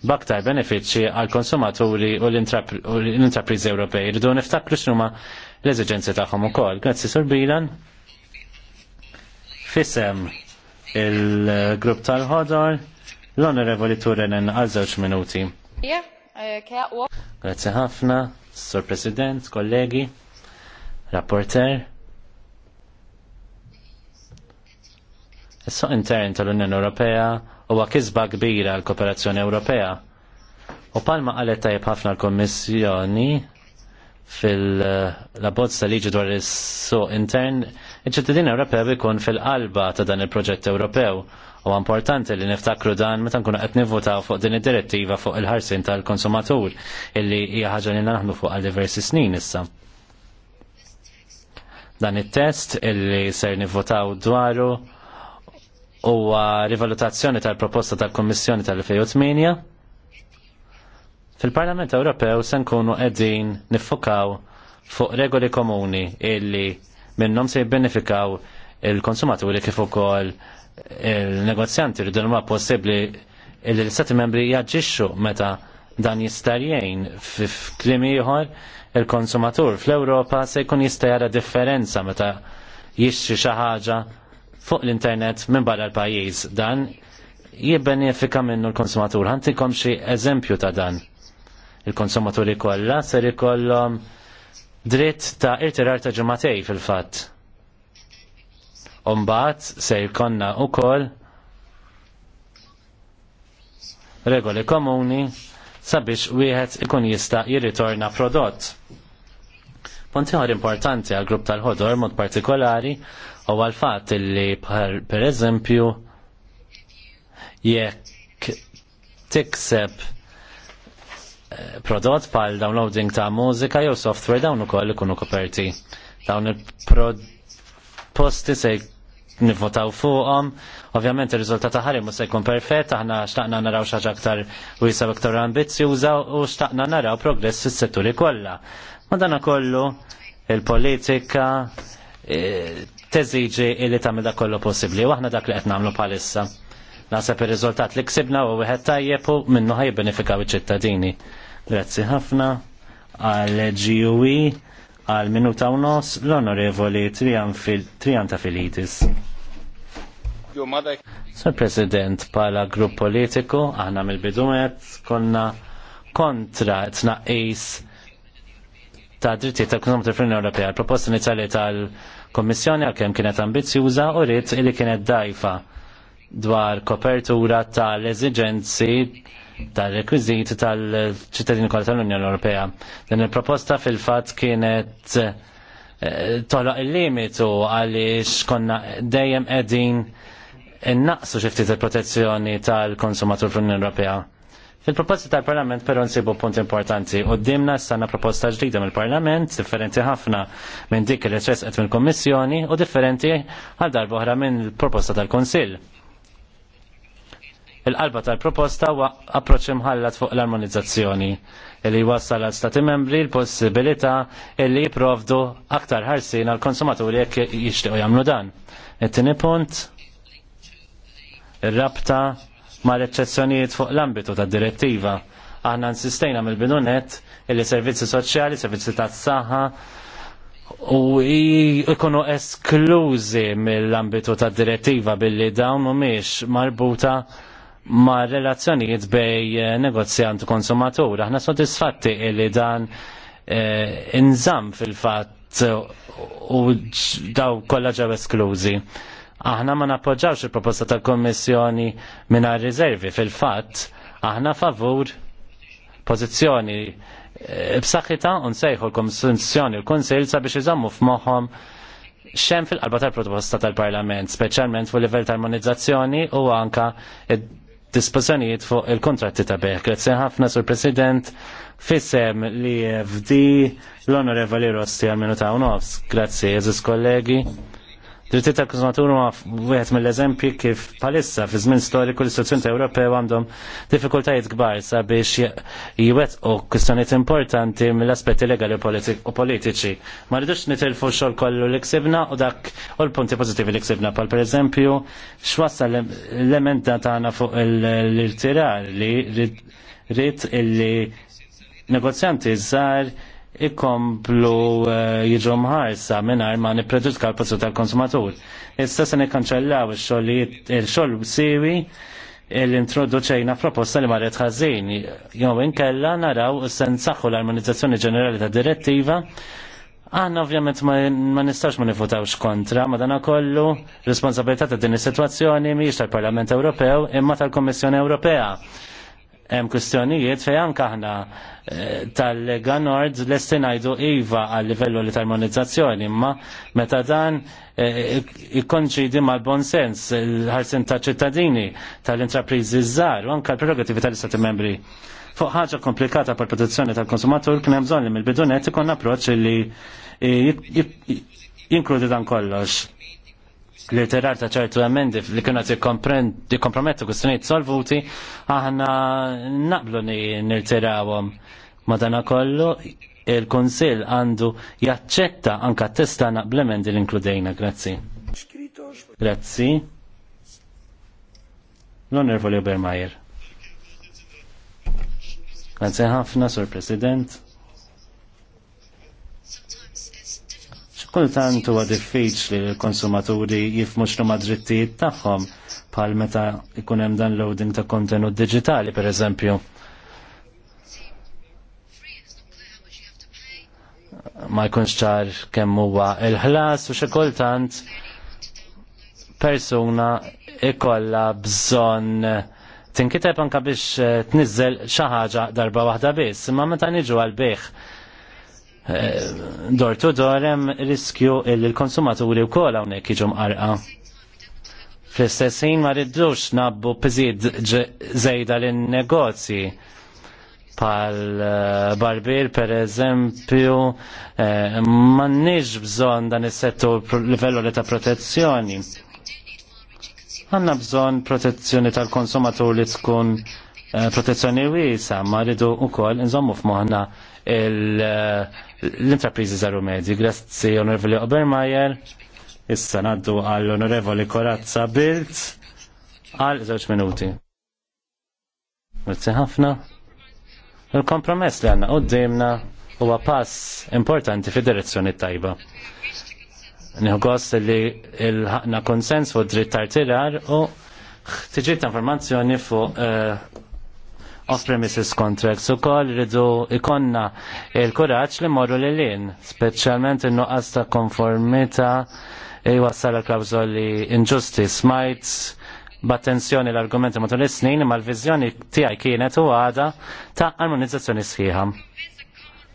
baktar benefiċċji għal konsumaturi u l-intrapriżi Ewropej. Rridu niftakru x'numa l eżigenzi tagħhom ukoll. Grazzi Sur Bilan. Fisem il-grupp tal-ħodor l-onorevoli Turenen għal żewġ minuti. Eh, Grazzi ħafna, Sur President, kollegi, rapporter. Is-suq intern tal-Unjoni Ewropea huwa kisba kbira l-kooperazzjoni Ewropea. U palma qalet tajb ħafna l-Kommissjoni fil labozza tal-liġi dwar is-suq intern, iċ-ċittadin Ewropew ikun fil-qalba ta' dan il-proġett Ewropew u importanti li niftakru dan meta nkunu qed nivvotaw fuq din id-direttiva fuq il-ħarsin tal-konsumatur illi hija ħaġa li naħdmu fuq għal diversi snin issa. Dan it-test illi ser nivvotaw dwaru huwa rivalutazzjoni tal-proposta tal-Kommissjoni tal-2008. Fil-Parlament Ewropew se nkunu qegħdin niffokaw fuq regoli komuni illi minnhom se jibbenefikaw il-konsumaturi kif ukoll il-negozjanti rridu ma possibbli illi l-Stati membri jaġixxu meta dan jistarjejn f'kliem ieħor il-konsumatur fl-Ewropa se jkun jista' jara differenza meta jixxi xi ħaġa fuq l-internet minn barra l-pajjiż. Dan jibbenefika minnu l-konsumatur. Ħantikom xi eżempju ta' dan. Il-konsumaturi kollha ser ikollom dritt ta' irtirar ta' ġematej fil-fatt. Umbat se jkonna wkoll regoli komuni sabiex wieħed ikun jista' jirritorna prodott. Punti ħar importanti għal grupp tal-ħodor mod partikolari u għal fatt li per eżempju jekk tikseb eh, prodott pal downloading ta' mużika jew software dawn ukoll ikunu koperti. Dawn il-posti se nivvotaw fuqhom. Ovvjament ir-riżultat ħari mhux se jkun perfett, aħna xtaqna naraw xi ħaġa aktar wiesa aktar ambizzjuża u xtaqna naraw progress fis-setturi kollha. Ma dana kollu il-politika eh, teżiġi illi tagħmel dak kollu possibbli. Waħna dak li qed nagħmlu bħalissa. Naħseb ir-riżultat li ksibna u wieħed tajjeb u minnu ħajbenefikaw iċ-ċittadini. Grazzi ħafna għal GUE għal minuta u nos l-onorevoli Trianta Filitis. Sir President, pala grupp politiku, aħna mill-bidumet, konna kontra tnaqis ta' dritti ta' ekonomika fl Ewropea. Proposta inizjali tal Kommissjoni għalkemm kienet ambizjuża u rrit li kienet dajfa dwar kopertura tal-eżigenzi tal rekwizit tal-ċittadini kollha tal-Unjoni Ewropea. Din il-proposta fil-fatt kienet eh, tolaq il-limitu għaliex konna dejjem qegħdin innaqsu xi ftit il-protezzjoni tal-konsumatur fl-Unjoni Ewropea. Fil-proposta tal-Parlament però nsibu punt importanti u dimna s-sanna proposta ġdida mill-Parlament, differenti ħafna minn dik li ċesqet mill-Kommissjoni u differenti għal darba oħra minn proposta tal-Konsil. Il-qalba tal-proposta huwa approċċ imħallat fuq l-armonizzazzjoni li jwassal għal stati membri l-possibilità li jiprovdu aktar ħarsin għal konsumaturi jekk jixtiequ jagħmlu dan. It-tieni punt ir-rabta ma' l-eċċezzjonijiet fuq l-ambitu ta' direttiva. Aħna nsistejna mill-bidunet il servizzi soċjali, servizzi ta' saħħa u ikunu esklużi mill-ambitu ta' direttiva billi dawn mhumiex marbuta ma' relazzjonijiet bej eh, negozjant u konsumatur. Aħna sodisfatti li dan e, eh, inżam fil-fatt u daw kollha ġew esklużi. Aħna ma nappoġġawx il-proposta tal-Kommissjoni minna riservi fil-fatt, aħna favur pozizjoni eh, b'saħħitha u l-Kommissjoni l-Kunsil sabiex iżammu f'moħħom xem fil-qalba tal-proposta tal-Parlament, speċjalment fuq livell tal-armonizzazzjoni u anka dispożjonijiet fuq il-kontratti ta' beħ. Grazzi ħafna sur President fissem li FD l-Onorevoli Rossi għal-minuta u nofs. Grazzi, eżis kollegi. Drittijiet ta' konsumatur ma' wieħed mill-eżempji kif palissa fi żmien storiku l-istituzzjoni Ewropew għandhom diffikultajiet kbar sabiex u kwistjonijiet importanti mill-aspetti legali u politiċi. Ma rridux nitilfu xogħol kollu li ksibna u dak u l-punti pożittivi li ksibna pal pereżempju x'wassal l-emenda tagħna fuq l-irtirar li rrid illi negozjanti żgħar ikomplu eh, jiġu mħarsa mingħajr ma nipreġudka l-possu tal-konsumatur. Issa se nikkanċellaw il-xogħol siwi il introduċejna proposta li marret ħażin. Jew inkella naraw sensaħħu l-armonizzazzjoni ġenerali ta' direttiva Għanna ovvjament ma nistax ma nifutawx kontra, ma dana kollu responsabilità ta' din is-sitwazzjoni mhijiex tal-Parlament Ewropew imma tal-Kommissjoni Ewropea hemm kwistjonijiet fejn anke aħna eh, tal-Lega Nord lesti ngħidu iva għal livellu li tal-monizzazzjoni, imma meta dan eh, ikkonċidi mal-bon sens il-ħarsin ta' ċittadini tal-intrapriżi żgħar u anke l-prerogativi tal-Istati membri. Fuq ħaġa komplikata per protezzjoni tal-konsumatur kien hemm bżonn li mill-bidunet ikun approċċ li eh, jinkludi dan kollox l-iterar ta' ċertu emendi li kienu ti komprometta kustonijiet solvuti, aħna naqblu ni nil-tirawom. Madana kollu, il-Konsil għandu jaċċetta anka testa naqblemendi l-inkludejna, grazzi. Grazzi. L-Onorevoli Obermajer. Grazzi ħafna, Sur President. Kultant huwa diffiċli li l-konsumaturi jifmu x'huma drittijiet tagħhom bħal meta jkun hemm downloading ta' kontenut diġitali pereżempju. Ma jkunx ċar kemm huwa il-ħlas u xi kultant persuna ikolla bżonn tinkiteb anka biex tniżel xi ħaġa darba waħda biss, imma meta niġu għal bih dor tu dorem riskju il-konsumaturi u hawnhekk jiġu iġum arqa. Fl-istessin ma riddux nabbu pizid zejda l-negozji pal eh, barbir per eżempju ma eh, mannix bżon dan is-settur livello li ta' protezzjoni. Għanna bżon protezzjoni tal-konsumatur li tkun eh, protezzjoni wiesa, ma rridu u nżommu f'moħħna l-intrapriżi zaru medji. Grazzi Onorevoli Obermajer, issa naddu għall onorevoli Korazza Bilt għal żewġ minuti. Grazzi ħafna. Il-kompromess li għanna qoddimna huwa pass importanti fi direzzjoni tajba. gost li il-ħakna konsens fuq dritt tartirar u tiġi informazzjoni fuq eh, off-premises contracts u koll rridu ikonna il-kuraċ li morru li l-in, specialment il-nuqqas ta' konformita jwassal e klawżoli inġusti. Smajt b'attenzjoni l-argumenti matul is-snin ma l-viżjoni tiegħi kienet u għada ta' armonizzazzjoni sħiħa.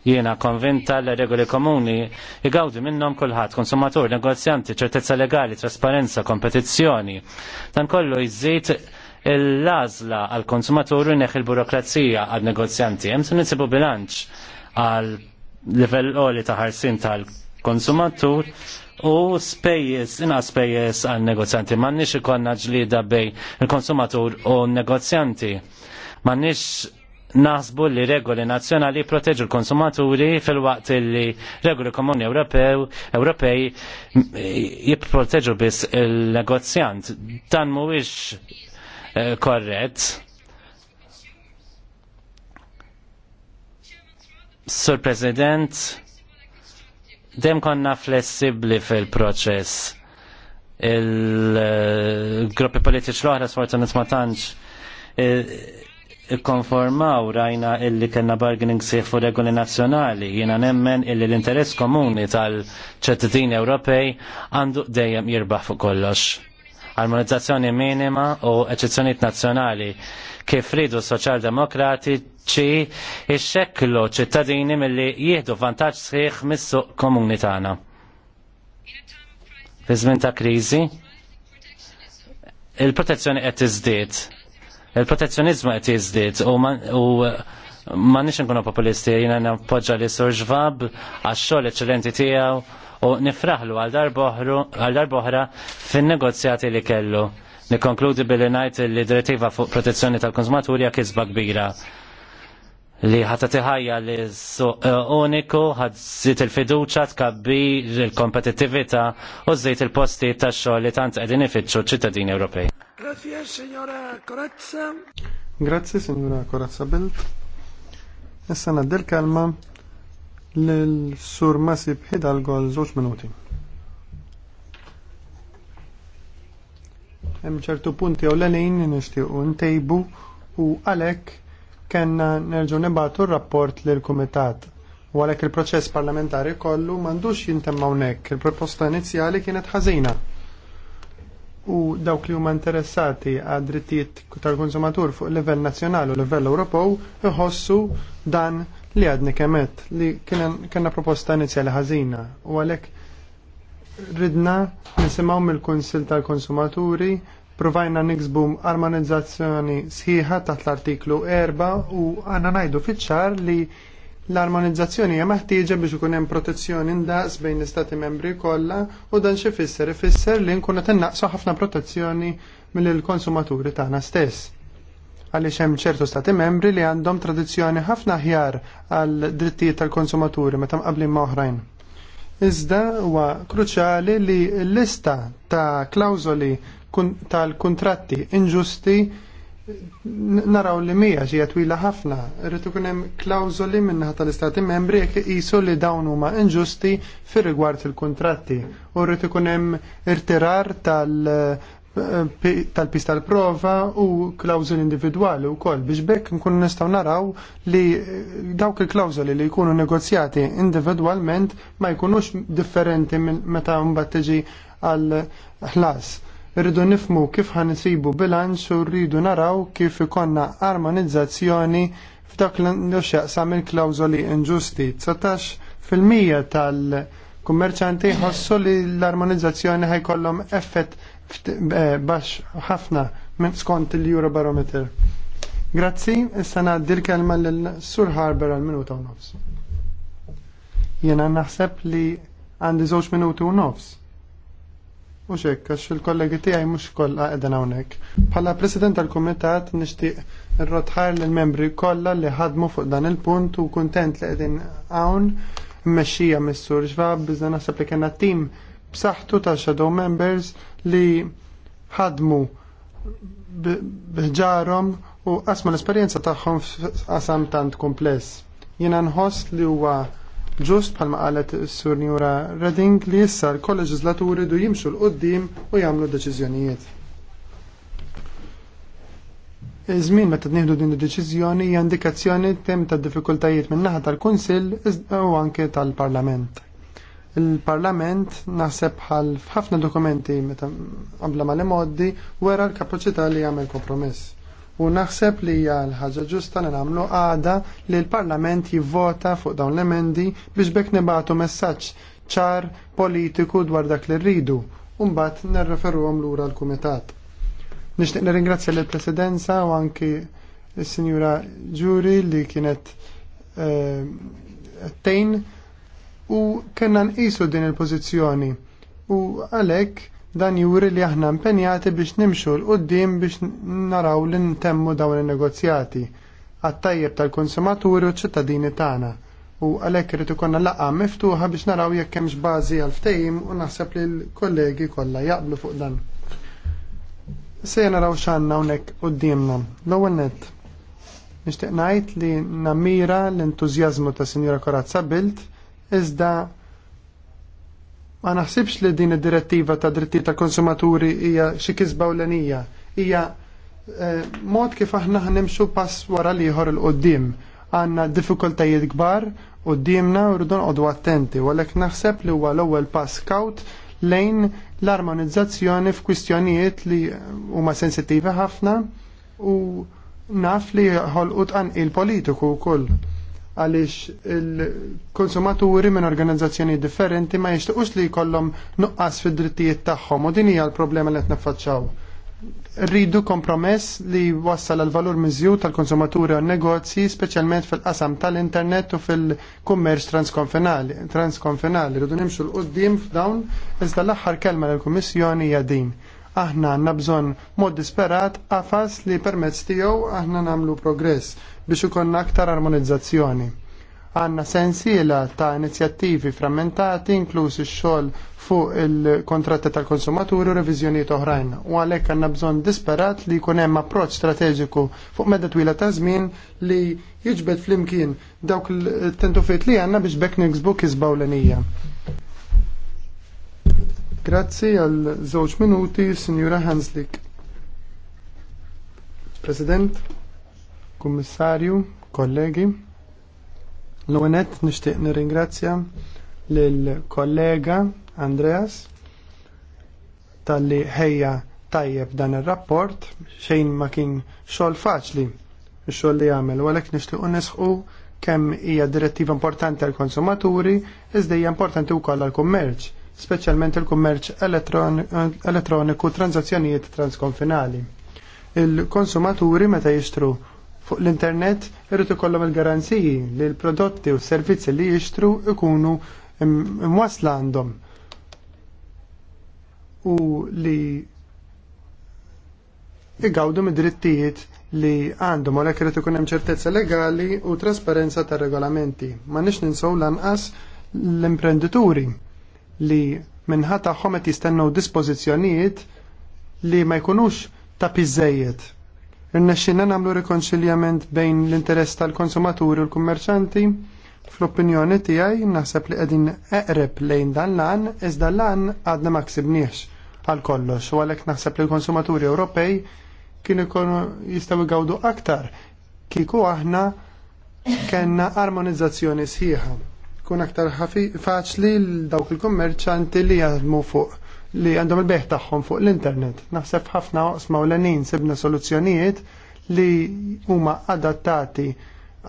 Jiena konvinta l regoli komuni igawdi minnhom kulħadd konsumatur, negozjanti, ċertezza legali, trasparenza, kompetizzjoni. Dan kollu jżid l-lazla għal konsumatur u neħ il-burokrazija għal negozjanti. Hemm se nisibu bilanċ għal livell oli ta' ħarsin tal-konsumatur u spejjes, ina spejjes għal negozjanti. Mannix ikonna ġlida bej il-konsumatur u negozjanti. Mannix naħsbu li regoli nazzjonali proteġu l-konsumaturi fil-waqt li regoli komuni Ewropew, Ewropej jipproteġu biss il-negozjant. Dan mhuwiex Eh, korret. Sur President, dem konna flessibli fil-proċess. Il-gruppi politiċi l-oħra sfortunat ma tantx eh, konformaw rajna illi kena bargaining sieħ regoli nazzjonali. Jina nemmen illi l-interess komuni tal-ċettitini Ewropej għandu dejjem jirbaħ fuq kollox armonizzazzjoni minima u eċezzjonijiet nazzjonali kif ridu soċjaldemokratiċi ixxekklu ċittadini milli jieħdu vantaġġ sħiħ mis-suq komuni tagħna. Fi żmien ta' kriżi il-protezzjoni qed iżdied. Il-protezzjonizmu qed jiżdied u ma nix nkunu populisti jiena nappoġġa li Sur Ġvab għax-xogħol eċċellenti tiegħu u nifraħlu għal darboħra fin-negozjati li kellu. Nikonkludi billi ngħid li direttiva fuq protezzjoni tal-konsumaturi hija kisba kbira li ħata tiħajja li eh, uniku ħad zit il-fiduċa tkabbir il-kompetittivita u zit il-posti ta' xogħol li tant qegħdin ifittxu ċittadini Ewropej. Grazie, signora Corazza. Grazie, signora Corazza Belt. Issa del kalma l-sur Masib Hidalgo għal żewġ minuti. Hemm ċertu punti ewlenin li nixtiequ ntejbu u għalhekk kellna nerġgħu nebatu r-rapport l kumitat u għalhekk il-proċess parlamentari kollu m'għandux jintemm hawnhekk. Il-proposta inizjali kienet ħażina u dawk li huma interessati għad drittijiet tal-konsumatur fuq livell nazzjonali u livell Ewropew iħossu dan li għadni kemet li kena proposta inizjali ħażina u għalhekk ridna nisimgħu mill-Kunsill tal-Konsumaturi provajna niksbu armonizzazzjoni sħiħa taħt l-artiklu 4 u għanna najdu fitxar li l-armonizzazzjoni hija meħtieġa biex ikun hemm protezzjoni ndaqs bejn l-istati membri kollha u dan xi fisser ifisser li nkunu tinnaqsu ħafna protezzjoni mill-konsumaturi tagħna stess għaliex hemm ċertu stati membri li għandhom tradizzjoni ħafna ħjar għal drittijiet tal-konsumaturi meta mqablin ma' oħrajn. Iżda huwa kruċjali li l-lista ta' klawżoli tal-kuntratti inġusti naraw li mija ġija twila ħafna. Rrid ikun hemm klawżoli minnaħa tal-istati membri jekk qisu li dawn huma inġusti fir rigward il-kuntratti. U rrid ikun hemm irtirar tal- tal-pis tal-prova u klawżoli individwali u kol biex bekk nkun nistaw naraw li eh, dawk il-klawżoli li jkunu negozjati individwalment ma jkunux differenti minn meta mbagħad tiġi għal ħlas. Rridu nifmu kif ħan isibu bilanċ u rridu naraw kif ikonna armonizzazzjoni f'dak l sam il-klawżoli inġusti. 19% tal- kummerċanti jħossu li l-armonizzazzjoni ħajkollhom effett Bax ħafna minn skont il-Eurobarometer. Grazzi, issa ngħaddi l-kelma l-Sur Harbor għal minuta u nofs. Jena naħseb li għandi żewġ minuti u nofs. U xek, għax il-kollegi tiegħi mhux kollha qegħdin hawnhekk. Bħala President tal-Kumitat nixtieq rrotħar lill-membri kollha li ħadmu fuq dan il-punt u kuntent li qegħdin hawn meċxija mis-Sur ġvab, bizna naħseb li kena tim b'saħħtu ta' shadow members li ħadmu bħġarhom u qasma l-esperjenza tagħhom f'qasam tant kumpless. Jiena nħoss li huwa ġust bħalma qalet is-Sur Njura Reding li issa l-kolleġislaturi du jimxu l-qoddim u jagħmlu deċiżjonijiet. Iż-żmien meta tnieħdu din id-deċiżjoni hija indikazzjoni temm ta' diffikultajiet min-naħa tal-Kunsill u anke tal-Parlament. Il-Parlament naħseb bħal f'ħafna dokumenti meta qabla ma modi wera l-kapaċità li jagħmel kompromess. U naħseb li hija l-ħaġa ġusta li nagħmlu għada li l-Parlament jivvota fuq dawn l-emendi biex bekk nibagħtu messaġġ ċar politiku dwar dak li rridu u mbagħad nirreferuhom lura l-Kumitat. Nixtieq nirringrazzja lill-Presidenza u anki s-Sinjura Ġuri li kienet eh, tejn u kena nqisu din il-pożizzjoni u għalhekk dan juri li aħna impenjati biex nimxu l-qoddim biex naraw li ntemmu dawn in-negozjati għattajjeb tajjeb tal-konsumaturi u ċittadini tagħna u għalhekk irid konna laqgħa miftuħa biex naraw jekk hemmx bażi għal ftejim u naħseb li l-kollegi kollha jaqblu fuq dan. Se naraw x'għandna hawnhekk qudiemna. L-ewwel nett nixtieq ngħid li nammira l-entużjażmu ta' Sinjura Korazza Bilt iżda ma naħsibx li din id-direttiva ta' dritti ta' konsumaturi hija xi kisba ewlenija, hija eh, mod kif aħna ħnimxu pass wara liħor il-qoddim. Għanna diffikultajiet kbar qoddimna u rridu nqogħdu attenti, għalhekk naħseb li huwa l-ewwel pass kaut lejn l-armonizzazzjoni f'kwistjonijiet li huma sensittivi ħafna u naf li ħolqu tqanqil politiku wkoll għaliex il-konsumaturi minn organizzazzjoni differenti ma jixtiqux li jkollhom nuqqas fid-drittijiet tagħhom u din hija l-problema li qed naffaċċaw. Rridu kompromess li wassal għal valur miżju tal-konsumaturi għal negozji, speċjalment fil-qasam tal-internet u fil-kummerċ transkonfinali. Transkonfinali, rridu nimxu l-qoddim f'dawn, iżda l-aħħar kelma l-Kummissjoni hija din aħna għanna bżon mod disperat għafas li permezz tiegħu aħna namlu progress biex ikonna aktar armonizzazzjoni. Għanna sensiela ta' inizjattivi frammentati inklużi ix-xogħol fuq il-kontratti tal-konsumaturi u reviżjonijiet oħrajn. U għalhekk għandna bżonn disperat li jkun hemm approċċ strateġiku fuq medda twila ta' żmien li jiġbed flimkien dawk il-tentufiet li għandna biex bekk niksbu kisbaw l-enija. Grazzi għal żewġ minuti, Sinjura Hanslik. President. Kummissarju, kollegi, l-għunet nishtiq nirringrazzja l-kollega Andreas tal-li ħejja tajjeb dan il-rapport xejn ma kien xogħol faċli x-xogħol li għamel, għalhekk nixtiequ nisħu kemm hija direttiva importanti għal konsumaturi iżda hija importanti wkoll għal kummerċ, speċjalment il-kummerċ elettroniku transazzjonijiet transkonfinali. Il-konsumaturi meta jixtru fuq l-internet irrid ikollhom il-garanziji li l-prodotti u s-servizzi li jixtru ikunu imwasla għandhom u li igawdu mid-drittijiet li għandhom u l-ekk ikun hemm ċertezza legali u trasparenza tar regolamenti. Ma nix ninsow lanqas l imprendituri li minnħata ħomet qed jistennew dispożizzjonijiet li ma jkunux ta' piżejjed Irnexxinna nagħmlu rikonċiljament bejn l-interess tal-konsumaturi u l-kummerċanti. Fl-opinjoni tiegħi naħseb li qegħdin eqreb lejn dan lan iżda lan għadna ma ksibniex għal kollox u għalhekk naħseb li l-konsumaturi Ewropej kienu jkunu jistgħu jgawdu aktar kieku aħna kellna armonizzazzjoni sħiħa. Kun aktar faċli l dawk il-kummerċanti li jaħdmu fuq li għandhom il-beħ tagħhom fuq l-internet. Naħseb ħafna oqsma u l-għanin sibna soluzzjonijiet li huma adattati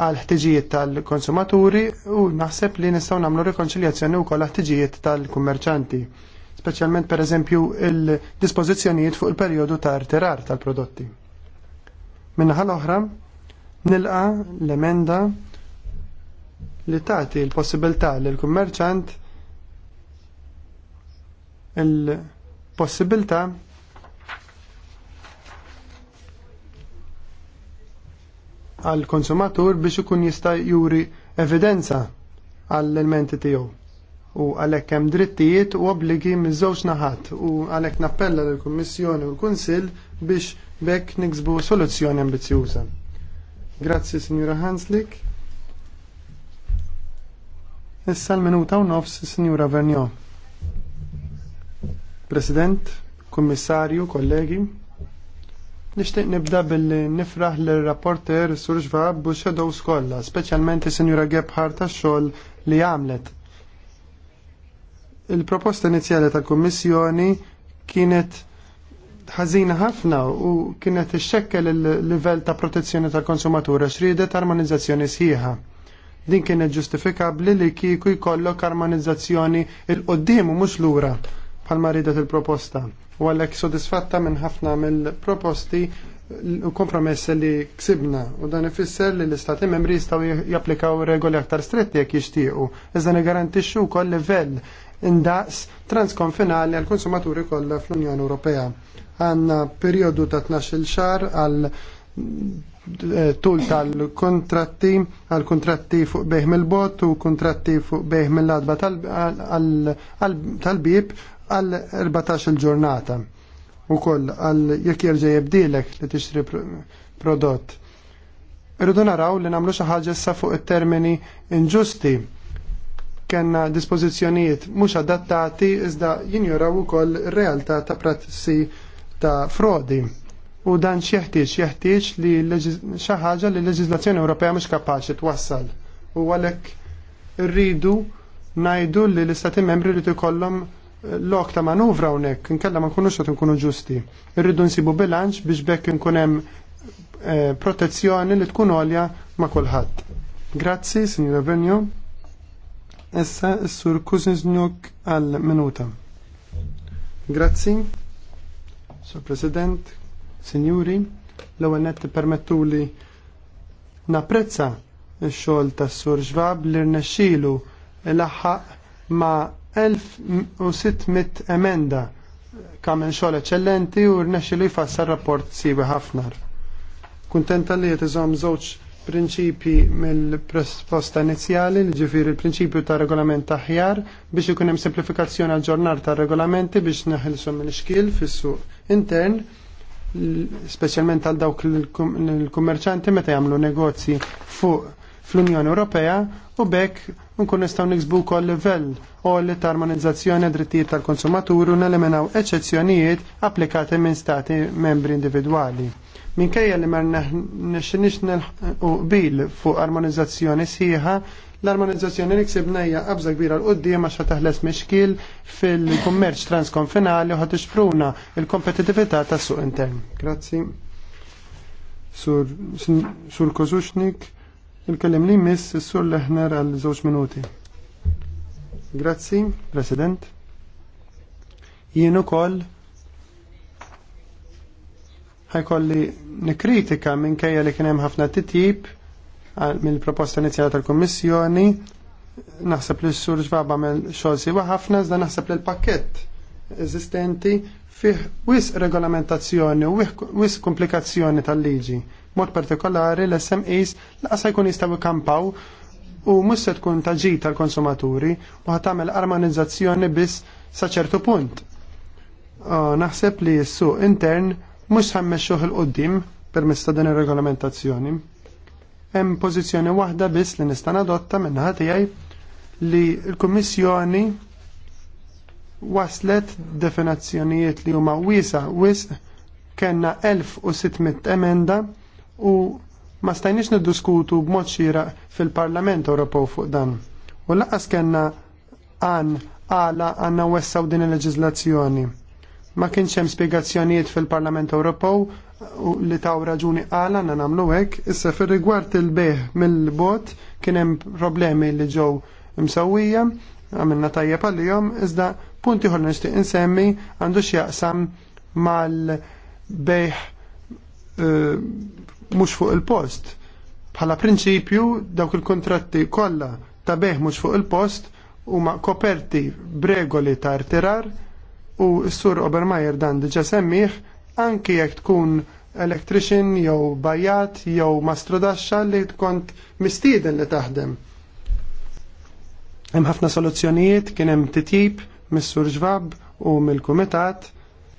għal ħtiġijiet tal-konsumaturi u naħseb li nistgħu nagħmlu rikonċiljazzjoni wkoll ħtiġijiet tal-kummerċanti, speċjalment pereżempju il-dispożizzjonijiet fuq il-perjodu ta' irtirar tal-prodotti. Minnaħa l-oħra, nilqa l-emenda li tagħti l-possibilità l kummerċant il-possibilità għal konsumatur biex ikun jista' juri evidenza għall elementi tiegħu u għalhekk hemm drittijiet u obbligi miż-żewġ naħat u għalhekk nappella lill kummissjoni u l-Kunsill biex bekk niksbu soluzzjoni ambizzjuża. Grazzi Sinjura Hanslik. Issa l-minuta u nofs Sinjura Vernjo. President, Kommissarju, kollegi. Nishtiq nibda billi nifraħ l-rapporter Surġva Buxedow Skolla, specialment il-Senjura Gebhardt ta' xogħol li għamlet. Il-proposta inizjali tal-Kummissjoni kienet ħażina ħafna u kienet ixxekkel il-livell ta' protezzjoni tal-konsumatura xridet armonizzazzjoni sħiħa. Din kienet ġustifikabli li kieku jkollok armonizzazzjoni il-qoddim u mhux lura bħalma ridet il-proposta. U għallek sodisfatta minn ħafna mill-proposti kompromess li ksibna u dan ifisser li l-istati membri jistaw japplikaw regoli aktar stretti jekk jixtiequ. Iżda nigarantixxu wkoll livell indaqs transkonfinali għal konsumaturi kollha fl-Unjoni Ewropea. Għanna perjodu ta' 12-il xahar għal eh, tul tal-kontratti għal kontratti fuq beħm il bot u kontratti fuq beħm mill ladba tal-bib għal 14 il-ġurnata u koll għal jekk jirġaj jibdilek li tixtri prodott. Irridu naraw li nagħmlu xi ħaġa fuq it-termini inġusti kenna dispożizzjonijiet mhux adattati iżda jinjuraw ukoll ir-realtà ta' pratissi ta' frodi. U dan xieħtieġ jeħtieġ li xaħġa li l-leġiżlazzjoni Ewropea mhux kapaċi twassal. U għalhekk rridu ngħidu li l-istati membri li t-kollom lok ta' manuvra unek, nkella ma nkunux għat nkunu ġusti. Irridu nsibu bilanċ biex bekk nkunem eh, protezzjoni li tkun olja ma' kulħadd. Grazzi, Signor Venjo. Essa s-sur Kuzinżnjuk għal-minuta. Grazzi, sur President, Signuri, l-ewwel nett permettu li napprezza x-xogħol tas-sur Ġvab li rnexxielu l ħaq ma' 1600 emenda kamen xogħol eċċellenti u rnexxi li jfassar rapport siwe ħafna. Kuntenta li qed iżomm żewġ prinċipji mill-proposta inizjali li ġifieri il-prinċipju ta' regolament ħjar, biex ikun hemm għal aġġornar ta' regolamenti biex neħilsu minn xkil fis-suq intern speċjalment għal dawk il-kummerċanti meta jagħmlu negozji fuq fl-Unjoni Ewropea u bekk unkun nistgħu niksbu kol livell u li tarmonizzazzjoni e drittijiet tal-konsumatur u neliminaw eċċezzjonijiet applikati minn stati membri individwali. Minkejja li mar nixinix u bil fuq armonizzazzjoni sħiħa, l-armonizzazzjoni li ksibna hija qabża kbira l qudiem għax taħles mixkil fil-kummerċ transkonfinali u ħad tixpruna il-kompetitività tas-suq intern. Grazzi. Sur, sur Kozuxnik Il-kellim li miss s-sur leħner għal żewġ minuti. Grazzi, President. Jien ukoll ħajkolli nikkritika minkejja li kien hemm ħafna titjib mill-proposta inizjata tal-Kummissjoni naħseb li s-sur ġvaba mill xogħol siwa ħafna iżda naħseb li l-pakkett eżistenti fih wis regolamentazzjoni u wis komplikazzjoni tal-liġi. Mod partikolari l-SMEs laqsa jkun jistaw kampaw u mhux se tkun taġi tal-konsumaturi u ħatamel armonizzazzjoni biss sa ċertu punt. Ah, naħseb li s-suq intern mhux xoħ il-qoddim per ta' din ir-regolamentazzjoni. Hemm pożizzjoni waħda biss li nista' nadotta minnaħa tiegħi li l-Kummissjoni waslet definazzjonijiet li huma wiesa wisq kellna 1600 emenda u ma stajniex niddiskutu b'mod xieraq fil-Parlament Ewropew fuq dan. U laqas kellna għan għala għanna wessaw din il-leġizlazzjoni. Ma kienx hemm spjegazzjonijiet fil-Parlament Ewropew li taw raġuni għala na namlu hekk, issa fir-rigward il-beħ mill-bot kien hemm problemi li ġew msawija, għamilna tajjeb jom, iżda punti ħol nixtieq insemmi għandu jaqsam mal-beħ eh, mhux fuq il-post. Bħala prinċipju dawk il-kontratti kollha ta' beħ mhux fuq il-post huma koperti b'regoli ta' artirar u s-sur Obermajer dan diġa semmiħ anki jekk tkun electrician jew bajat jew mastrodaxxa li tkont mistieden li taħdem. Hemm ħafna soluzzjonijiet kien hemm titjib mis-sur ġvab u mill-kumitat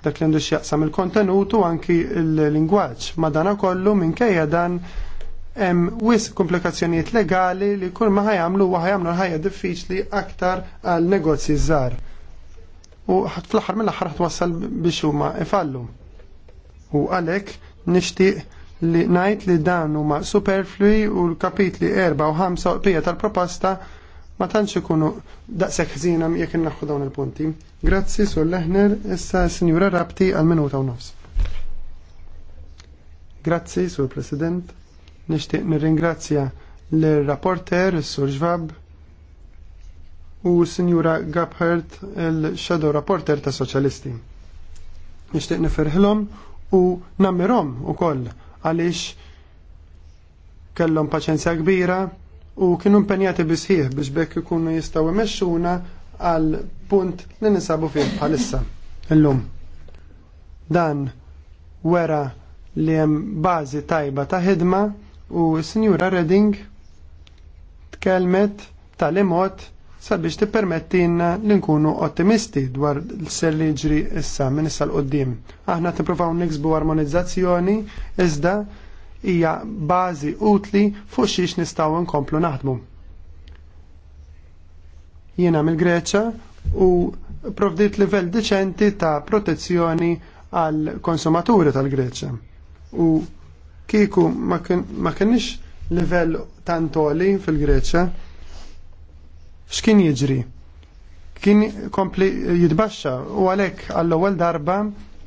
dak li għandu x'jaqsam il-kontenut u anki l-lingwaġġ. Madana kollu minkejja dan hemm wis komplikazzjonijiet legali li kull ma ħajamlu u ħajamlu ħajja diffiċli aktar għal negozji żgħar. U fl-aħħar mill-aħħar wassal biex huma ifallu. U għalhekk nixtieq li ngħid li dan huma superflui u l-kapitli 4 u 5 tal-proposta ma tantx ikunu daqshekk ħżiena jekk innaħħu dawn il-punti. Grazzi sur Leħner, issa Sinjura Rabti għal minuta u nofs. Grazzi sur President, nixtieq nirringrazzja l-rapporter, sur Ġvab, u Sinjura Gabhert, il-Shadow Rapporter ta' Soċjalisti. Nixtieq nifirħilhom u nammirhom ukoll għaliex kellhom paċenzja kbira u kienu impenjati bisħieħ biex bekk ikunu jistaw imexxuna għal punt li nisabu fih bħalissa illum. Dan wera li hemm bażi tajba ta' ħidma u s-Sinjura Redding tkellmet tal-imot sabiex tippermettina li nkunu ottimisti dwar l-ser li ġri issa minn issa l-qoddim. Aħna tippruvaw niksbu armonizzazzjoni iżda hija bażi utli fuq xiex nistgħu nkomplu naħdmu. Jiena mill-Greċja u provdit livell deċenti ta' protezzjoni għal konsumaturi tal-Greċja. U kieku ma kienx livell tantoli fil-Greċja, x'kien jiġri? Kien kompli jitbaxxa u għalhekk għall-ewwel darba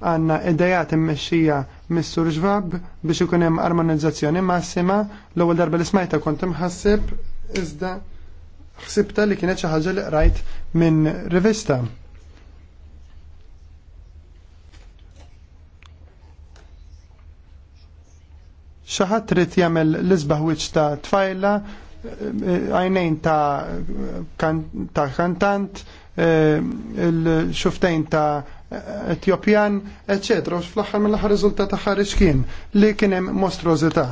għandna idejat immexxija Mr. Ġvab biex ikun hemm armonizzazzjoni massima l-ewwel darba li smajta kont imħassib iżda ħsibta li kienet xi ħaġa li qrajt minn rivista. Xi ħadd trid jagħmel l-isbaħ ta' tfajla għajnejn ta' kantant, eh, il-xuftejn ta' Etjopjan, etc. u fl-axar mill-axar rizultat ħarġ kien li kienem mostrużità,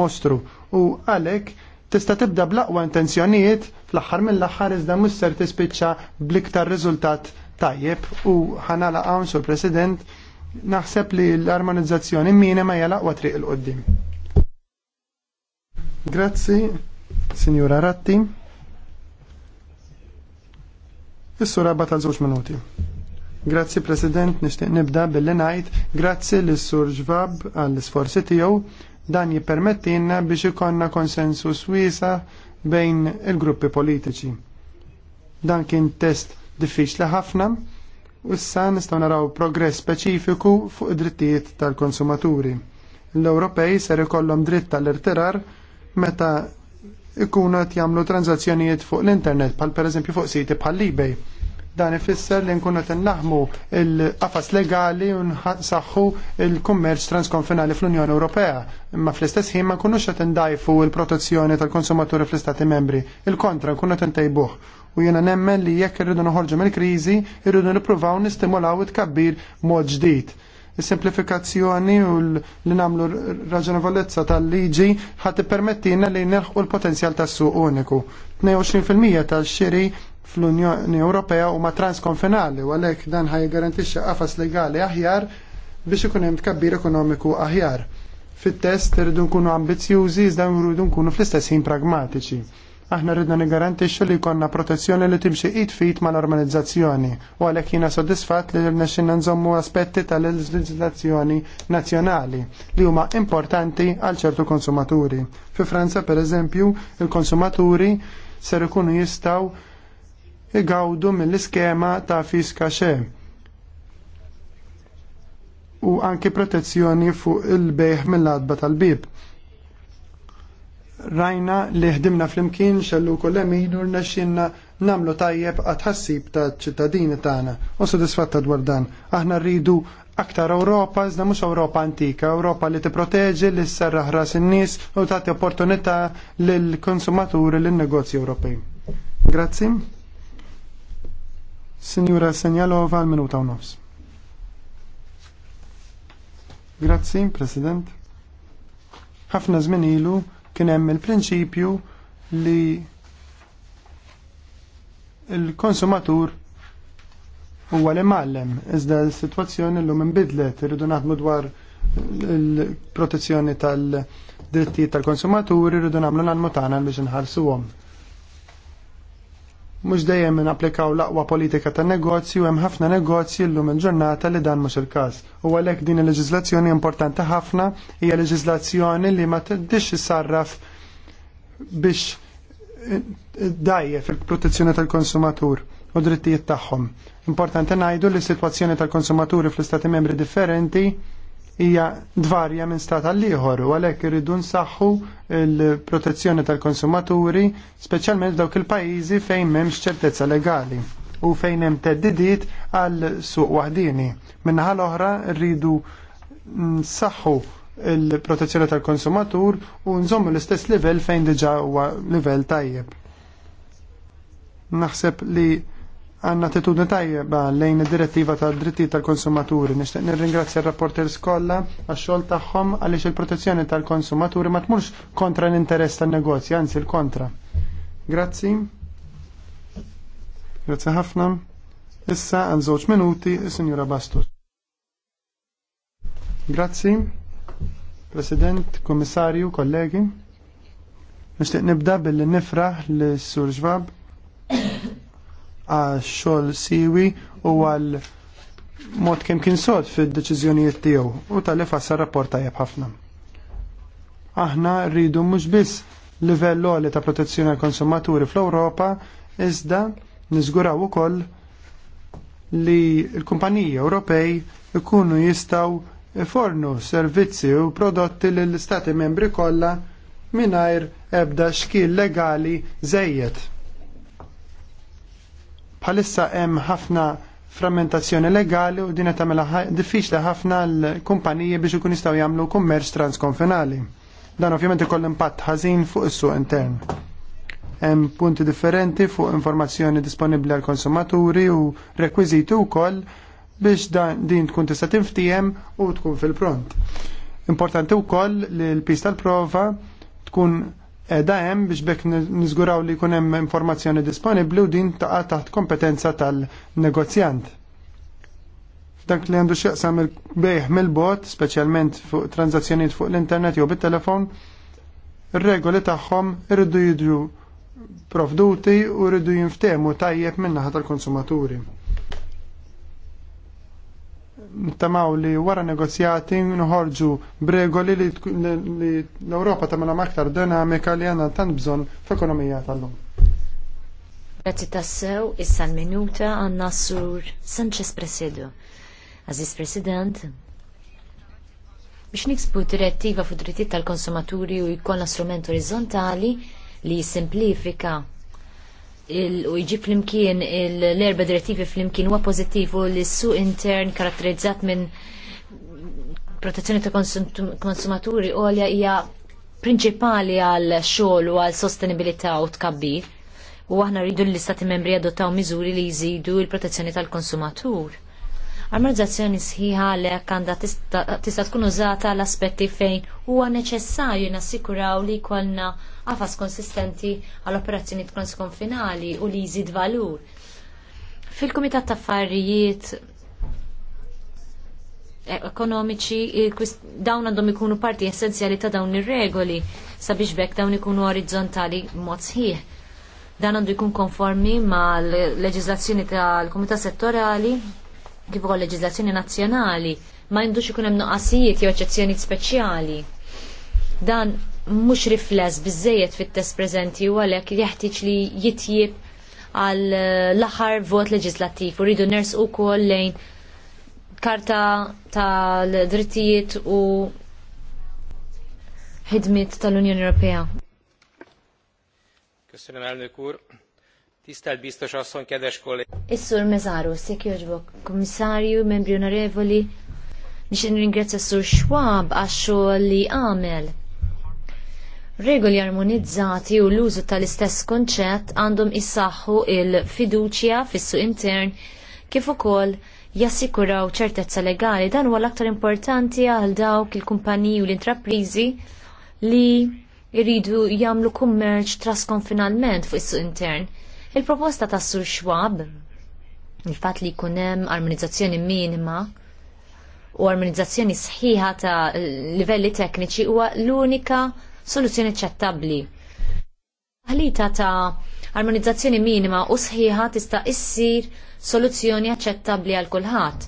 mostru. U għalek tista' tibda blaqwa intenzjonijiet fl-axar mill-axar iżda musser tispiċċa bliktar riżultat tajjeb u ħanala għawn sur President naħseb li l-armonizzazzjoni minna ma laqwa triq il-qoddim. Grazzi, Signora Ratti. Is-sura bat żewġ minuti. Grazzi President, nixtieq nibda billi ngħid grazzi lis sur ġvab għall-isforzi tiegħu dan jippermettilna biex ikonna konsensus wiesa bejn il-gruppi politiċi. Dan kien test diffiċli ħafna u issa nistgħu naraw progress speċifiku fuq id-drittijiet tal-konsumaturi. L-Ewropej ser ikollhom dritt tal-irtirar meta ikunu qed jagħmlu tranzazzjonijiet fuq l-internet bħal pereżempju fuq siti bħal eBay Dan ifisser li nkunu tinnaħmu l qafas legali u nsaħħu l kummerċ transkonfinali fl-Unjoni Ewropea. Imma fl-istess ħin ma nkunux qed indajfu l-protezzjoni tal-konsumaturi fl-Istati membri. Il-kontra nkunu tintejbuh. U jiena nemmen li jekk irridu noħorġu mill-kriżi, irridu nippruvaw nistimulaw it-kabbir mod ġdid il-simplifikazzjoni u li namlu raġonevolezza tal-liġi ħat permettina li nerħu l-potenzjal tas suq uniku. 22% tal-xiri fl-Unjoni Ewropea huma transkonfinali u għalhekk dan ħaj garantixxi qafas legali aħjar biex ikun hemm tkabbir ekonomiku aħjar. Fit-test irridu nkunu ambizjużi iżda rridu nkunu fl-istess ħin pragmatiċi. Aħna rridna nigarantixxu li jkollna protezzjoni li timxi id fit mal-organizzazzjoni u għalhekk jiena sodisfatt li rnexxinna nżommu aspetti tal-leġiżlazzjoni nazzjonali li huma importanti għal ċertu konsumaturi. Fi Franza pereżempju il-konsumaturi ser ikunu jistgħu igawdu mill-iskema ta' fiska xe u anki protezzjoni fuq il-bejħ mill-adba tal-bib. Rajna li ħdimna fl-imkien xellu kollem idur naxxinna namlu tajjeb għatħassib ta' ċittadini tagħna u sodisfatta dwar dan. Aħna rridu aktar Ewropa, iżda mhux Ewropa antika, Ewropa li tipproteġi li s-serraħ ras in-nies u tagħti opportunità lill-konsumaturi lin-negozji Ewropej. Grazzi. Signora Senjalova għal minuta u nofs. Grazzi, President. Ħafna żmien ilu kien hemm il-prinċipju li il-konsumatur huwa li mallem iżda l-sitwazzjoni llum inbidlet irridu naħdmu dwar il-protezzjoni tal-drittijiet tal-konsumaturi irridu nagħmlu l-anmutana biex inħarsuhom. Mhux dejjem napplikaw l-aqwa politika ta' negozju hemm ħafna negozji llum il-ġurnata li dan mhux il-każ. U għalhekk din il-leġiżlazzjoni importanti ħafna hija leġiżlazzjoni li ma tiddix issarraf biex dajje fil-protezzjoni tal-konsumatur u drittijiet tagħhom. Importanti ngħidu li s-sitwazzjoni tal-konsumaturi fl-istati membri differenti hija dvarja minn stat għal ieħor u għalhekk irridu nsaħħu l-protezzjoni tal-konsumaturi, speċjalment dawk il-pajjiżi fejn m'hemmx ċertezza legali u fejn hemm teddidiet għal suq waħdini. Minnaħa l-oħra rridu nsaħħu il-protezzjoni tal-konsumatur u nżommu l-istess livell fejn diġa huwa livell tajjeb. Naħseb li għanna attitudni tajjeba lejn id-direttiva ta' dritti tal-konsumaturi. Nixtieq nir r-rapporters kollha għax-xogħol tagħhom għaliex il-protezzjoni tal-konsumaturi ma tmurx kontra l-interess tan-negozji, anzi l-kontra. Grazzi. Grazzi ħafna. Issa għal żewġ minuti is-Sinjura Bastus. Grazzi. President, Komissarju, kollegi. Nixtieq nibda billi nifraħ l-Sur Ġvab Għal xogħol siwi u għal mod kemm kien sod fid-deċiżjonijiet tiegħu u tal lefa fassar rapport tajjeb ħafna. Aħna rridu mhux biss livell għoli ta' protezzjoni għal konsumaturi fl-Ewropa iżda niżguraw ukoll li l-kumpaniji Ewropej ikunu jistaw fornu servizzi u prodotti lill istati membri kollha mingħajr ebda xkil legali żejjed. Bħalissa hemm ħafna frammentazzjoni legali u din qed tagħmilha diffiċli ħafna l-kumpaniji biex ikun jistgħu jagħmlu kummerċ transkonfinali. Dan ovvjament ikoll impatt ħażin fuq is-suq intern. Hemm punti differenti fuq informazzjoni disponibbli għall konsumaturi u rekwiżiti wkoll biex dan din tkun tista' tinftiehem u tkun fil-pront. Importanti wkoll li l-pista tal-prova tkun da' hemm biex bekk niżguraw li jkun hemm informazzjoni disponibbli u din taqa' taħt kompetenza tal-negozjant. F'dak li għandu x'jaqsam il-bejħ mill-bot, speċjalment fuq tranzazzjonijiet fuq l-internet jew bit-telefon, ir-regoli tagħhom irridu jidru provduti u rridu jinftehmu tajjeb min-naħa tal-konsumaturi nittamaw li wara negozjati nħorġu bregoli li l-Europa tamela aktar dinamika li għanna tant bżon f'ekonomija tal-lum. Grazzi tassew, issa l-minuta għanna sur Sanchez Presidio. Aziz President, biex niksbu direttiva fu dritti tal-konsumaturi u jkollna strument orizzontali li jisimplifika u jġib flimkien l-erba direttivi flimkien huwa pożittiv u l-suq intern karatterizzat minn protezzjoni ta' konsumaturi għolja hija prinċipali għal xogħol u għal sostenibilità u tkabbir u aħna rridu l-istati membri adottaw miżuri li jżidu l-protezzjoni tal-konsumatur. Armonizzazzjoni sħiħa għalhekk għandha tista' tkun użata l-aspetti fejn huwa neċessarju nassikuraw li jkollna għafas konsistenti għal operazzjoni finali u li jżid valur. Fil-Kumitat ta' Affarijiet ekonomiċi eh, dawn għandhom ikunu parti essenzjali ta' dawn ir-regoli sabiex bekk dawn ikunu orizzontali mod sħiħ. Dan għandu jkun konformi mal leġiżlazzjoni tal-Kumitat Settorali kif ukoll leġiżlazzjoni nazzjonali ma jindux ikun hemm noqasijiet jew eċċezzjonijiet speċjali. Dan mhux rifless biżejjed fit-test preżenti u għalhekk jeħtieġ li jitjieb għal l-aħħar vot leġislattiv u rridu ners ukoll lejn karta tal-drittijiet u ħidmiet tal-Unjoni Ewropea. Tisztelt biztos asszony, kedves kollég! Is-sur Mezaru, Szekjoġbok, komissarju, membri onorevoli, nixin ringrazzja s-sur Schwab għax li għamel. Regoli armonizzati u l-użu tal-istess konċett għandhom issaħħu il-fiduċja fissu intern kif ukoll jassikuraw ċertezza legali dan huwa l-aktar importanti għal dawk il-kumpaniji u l-intraprizi li jridu jagħmlu kummerċ finalment fuq is-suq intern Il-proposta ta' Sur Schwab, il-fat li kunem armonizzazzjoni minima u armonizzazzjoni sħiħa ta' livelli tekniċi huwa l-unika soluzzjoni ċettabli. Ħalita ta' armonizzazzjoni minima u sħiħa tista' issir soluzzjoni aċċettabbli għal kulħadd.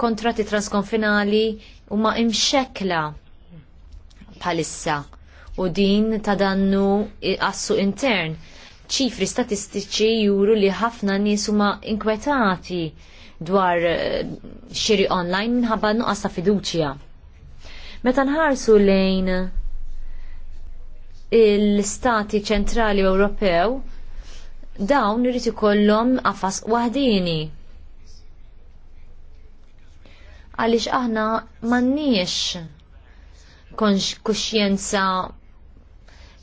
Kontratti transkonfinali huma imxekla bħalissa u din ta' dannu assu intern ċifri statistiċi juru li ħafna nies huma inkwetati dwar eh, xiri online minħabba nuqqas ta' fiduċja. Meta nħarsu lejn il-stati ċentrali Ewropew, dawn irid ikollhom qafas waħdini. Għaliex aħna m'għandniex konx kuxjenza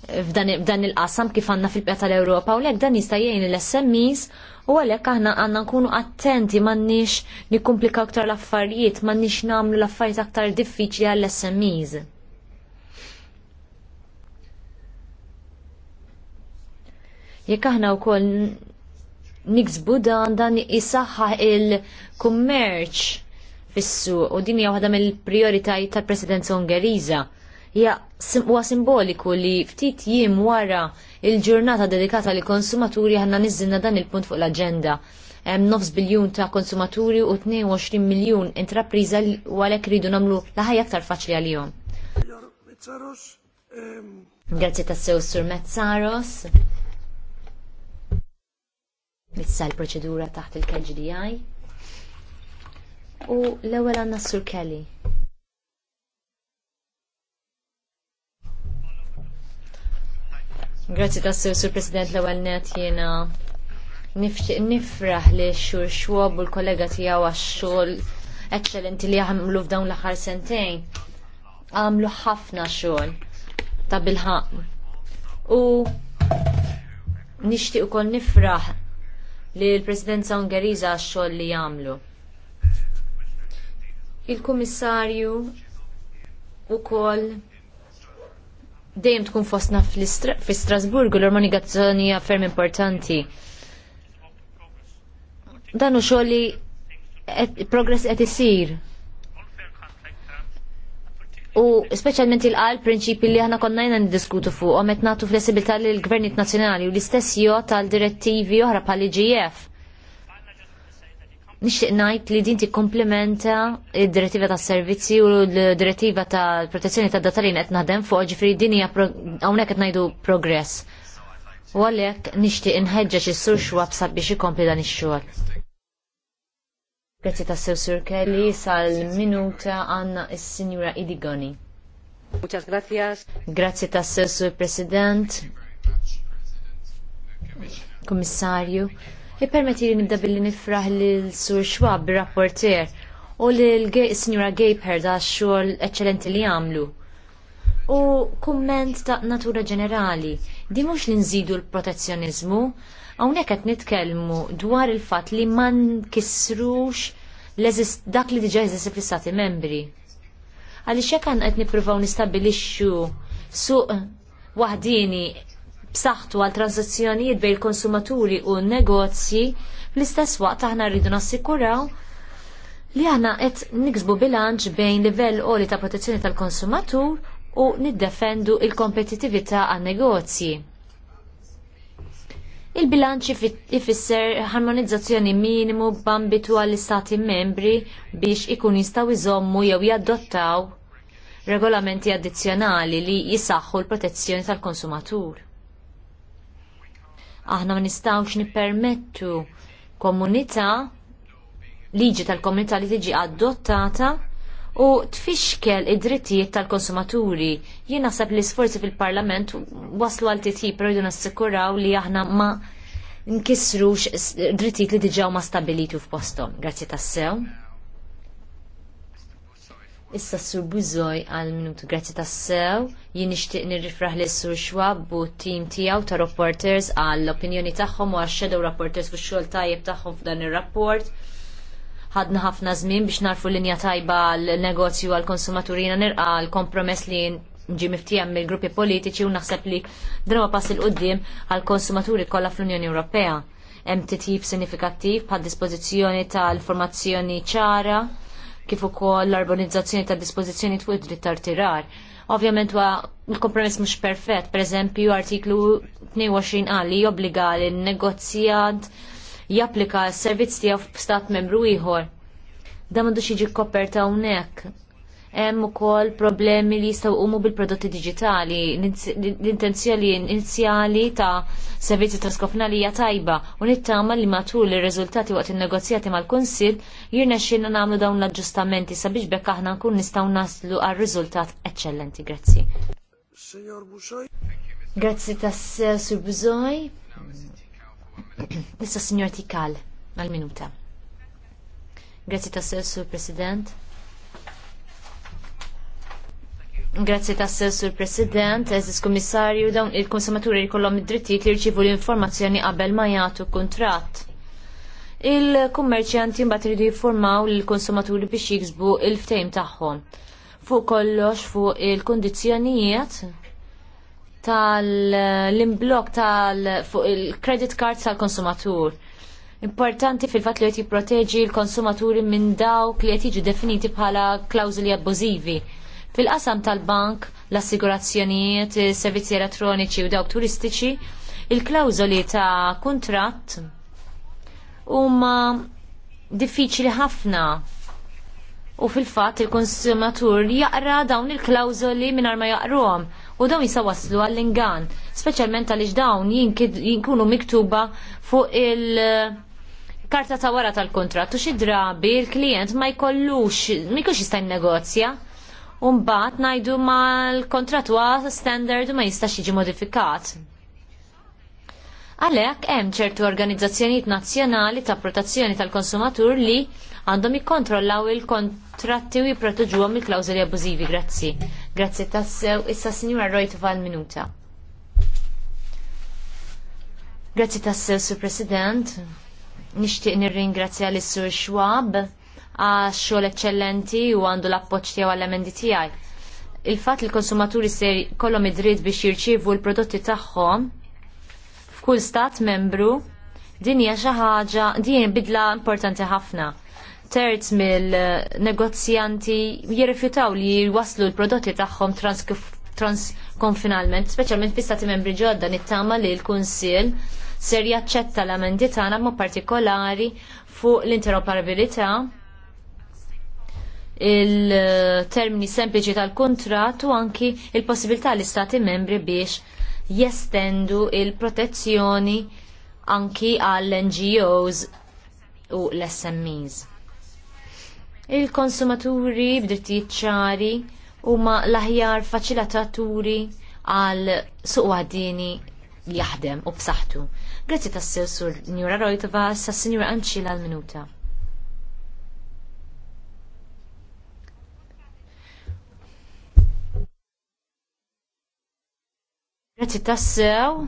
f'dan il-qasam kif għanna fil-pjata tal-Ewropa u lek dan jista' jgħin l-SMEs u għalhekk aħna għandna nkunu attenti m'għandniex nikkumplikaw aktar l-affarijiet, m'għandniex nagħmlu l-affarijiet aktar diffiċli għall-SMEs. Jekk aħna wkoll niksbu dan dan isaħħaħ il-kummerċ fis-suq u din hija waħda mill-prijoritajiet tal-Presidenza Ungeriża ja huwa simboliku li ftit jiem wara il-ġurnata dedikata li konsumaturi ħanna niżinna dan il-punt fuq l-aġenda. Hemm nofs biljun ta' konsumaturi u 22 miljun intrapriża u għalhekk ridu nagħmlu l-ħajja aktar faċli għalihom. Grazzi tassew sur Mezzaros. Issa l-proċedura taħt il-KGDI. U l-ewwel għandna Sur Kelly. Grazzi ta' sur President l-ewwel net jiena nifraħ li xur xwob u l-kollega tiegħu għax-xogħol eċċellenti li għamlu f'dawn l-aħħar sentejn. Għamlu ħafna xogħol ta' bilħaq. U nixtieq ukoll nifraħ li l-Presidenza Ungeriża għax-xogħol li jagħmlu. Il-Kummissarju koll dejjem tkun fostna fi Strasburgu l-organizzazzjoni hija ferm importanti. Dan u xogħli progress qed isir. U speċjalment il-qal prinċipi li aħna konna jna niddiskutu fuq, għomet natu flessibilità l gvernijiet nazzjonali u l-istess jo tal-direttivi oħra pal igf Nixtieq ngħid li din tikkomplementa id-direttiva tas servizzi u l-direttiva tal protezzjoni tad data li qed naħdem fuq ġifieri din hija hawnhekk qed ngħidu progress. U għalhekk nixtieq inħeġġeġ is-sur xwab sabiex ikompli dan ix-xogħol. Grazzi ta' sew Sur Kelly sal-minuta għanna is-Sinjura Idigoni. Muchas gracias. Grazzi ta' sew Sur President. Kummissarju. Ippermetti li nibda billi nifraħ lil Sur Schwab rapporter u l Signora Gejper da xogħol eċċellenti li għamlu. U kumment ta' natura ġenerali, di mhux li nżidu l-protezzjonizmu, hawnhekk qed nitkellmu dwar il-fatt li ma nkissrux dak li diġa' jizis fissati membri. Għaliex hekk qed nippruvaw nistabilixxu suq wahdini b'saħħtu għal transazzjonijiet bejn il-konsumaturi u n-negozji, fl-istess waqt aħna rridu nassikuraw li aħna qed niksbu bilanċ bejn livell għoli ta' protezzjoni tal-konsumatur u niddefendu il-kompetitività għan negozji. Il-bilanċ ifisser harmonizzazzjoni minimu b'ambitu għall-istati membri biex ikun jistgħu jżommu jew jaddottaw regolamenti addizzjonali li jisaħħu l-protezzjoni tal-konsumatur. Aħna ma nistgħux nippermettu komunità liġi tal-komunità li tiġi adottata u tfixkel id-drittijiet tal-konsumaturi. Jien naħseb li sforzi fil-Parlament waslu għal titjib rridu nassikuraw li aħna ma nkissrux drittijiet li diġaw ma stabilitu f'postom. Grazzi tassew. Issa s sur Bużoj għal minutu grazzi tas-sew jien nixtieq nirrifraħ li sur Schwab u tim tiegħu ta' reporters għall opinjoni tagħhom u għax-shadow reporters fuq xogħol tajjeb tagħhom f'dan ir-rapport. Ħadna ħafna żmien biex narfu linja tajba l-negozju għall konsumaturina nirqa l-kompromess li ġi miftija mill-gruppi politiċi u naħseb li drawa pass il-qoddim għall konsumaturi kollha fl-Unjoni Ewropea. Hemm titjib sinifikattiv bħad dispożizzjoni tal formazzjoni ċara kif ukoll l arbonizzazzjoni ta' dispożizzjoni fuq id-dritt tal-tirar. Ovvjament wa l-kompromess mhux perfett, pereżempju artiklu 22 għalli jobbliga li n-negozjat japplika s-servizz tiegħu f'stat membru ieħor. Dan m'għandux jiġi koperta hawnhekk hemm ukoll problemi li jistgħu jqumu bil-prodotti diġitali. L-intenzjoni inizjali ta' servizzi ta' skofna li hija tajba u nittama li matul ir-riżultati waqt in-negozjati mal-Kunsill jirna xinna nagħmlu dawn l-aġġustamenti sabiex bekk aħna nkun nistgħu naslu għal riżultat eċċellenti. Grazzi. Grazzi tas Sur Buzoj. Issa Signor Tikal għal-minuta. Grazzi tas Sur President. Grazzi tassessur sur President, eżis Komissarju, dawn il-konsumaturi jkollhom id-drittijiet li jirċivu l-informazzjoni qabel ma jagħtu kuntratt. Il-kummerċjanti mbagħad iridu jiffurmaw lill-konsumaturi biex jiksbu il-ftejm tagħhom. Fuq kollox fuq il-kundizzjonijiet tal-imblok tal fuq il-credit card tal-konsumatur. Importanti fil-fat li qed jipproteġi l-konsumaturi minn dawk li qed jiġu definiti bħala klawżuli abbużivi Fil-qasam tal-bank, l-assigurazzjonijiet, servizzi elettroniċi u dawk turistiċi, il-klawżoli ta' kuntratt huma diffiċli ħafna u fil-fatt il-konsumatur jaqra dawn il-klawżoli mingħajr ma jaqruhom u dawn jisawaslu għall-ingan, speċjalment għaliex dawn jinkunu miktuba fuq il- karta ta' wara tal u xi drabi l-klient ma jkollux, ma jkunx jista' negozja Umbat najdu ma l kontratua standard ma jistax jiġi modifikat. Għalek hemm ċertu organizzazzjonijiet nazzjonali ta' protezzjoni tal-konsumatur li għandhom jikkontrollaw il-kontratti u jipproteġuhom il-klawżoli abbużivi. Grazzi. Grazzi tassew issa Sinjura Rojt val minuta. Grazzi tassew, Sur President. Nixtieq nirringrazzja l-Sur Schwab għax xogħol eċċellenti u għandu l-appoġġ tiegħu għall-emendi tiegħi. Il-fatt li l-konsumaturi se jkollhom id-dritt biex jirċievu l-prodotti tagħhom f'kull stat membru din hija xi ħaġa din bidla importanti ħafna terz mill-negozjanti jirrifjutaw li jwaslu l-prodotti tagħhom transkonfinalment, speċjalment fi stati membri ġodda nittama li l-Kunsill ser jaċċetta l-amendi tagħna partikolari fuq l-interoperabilità il-termini sempliċi tal-kontrat u anki il-possibilità l istati membri biex jestendu il-protezzjoni anki għall-NGOs u l-SMEs. Il-konsumaturi b'drittijiet ċari huma l-aħjar faċilitaturi għal suq għaddini jaħdem u b'saħħtu. Grazzi tas-sew sur Njura Rojtova, sa' Sinjura Anċila l-minuta. tas tassew.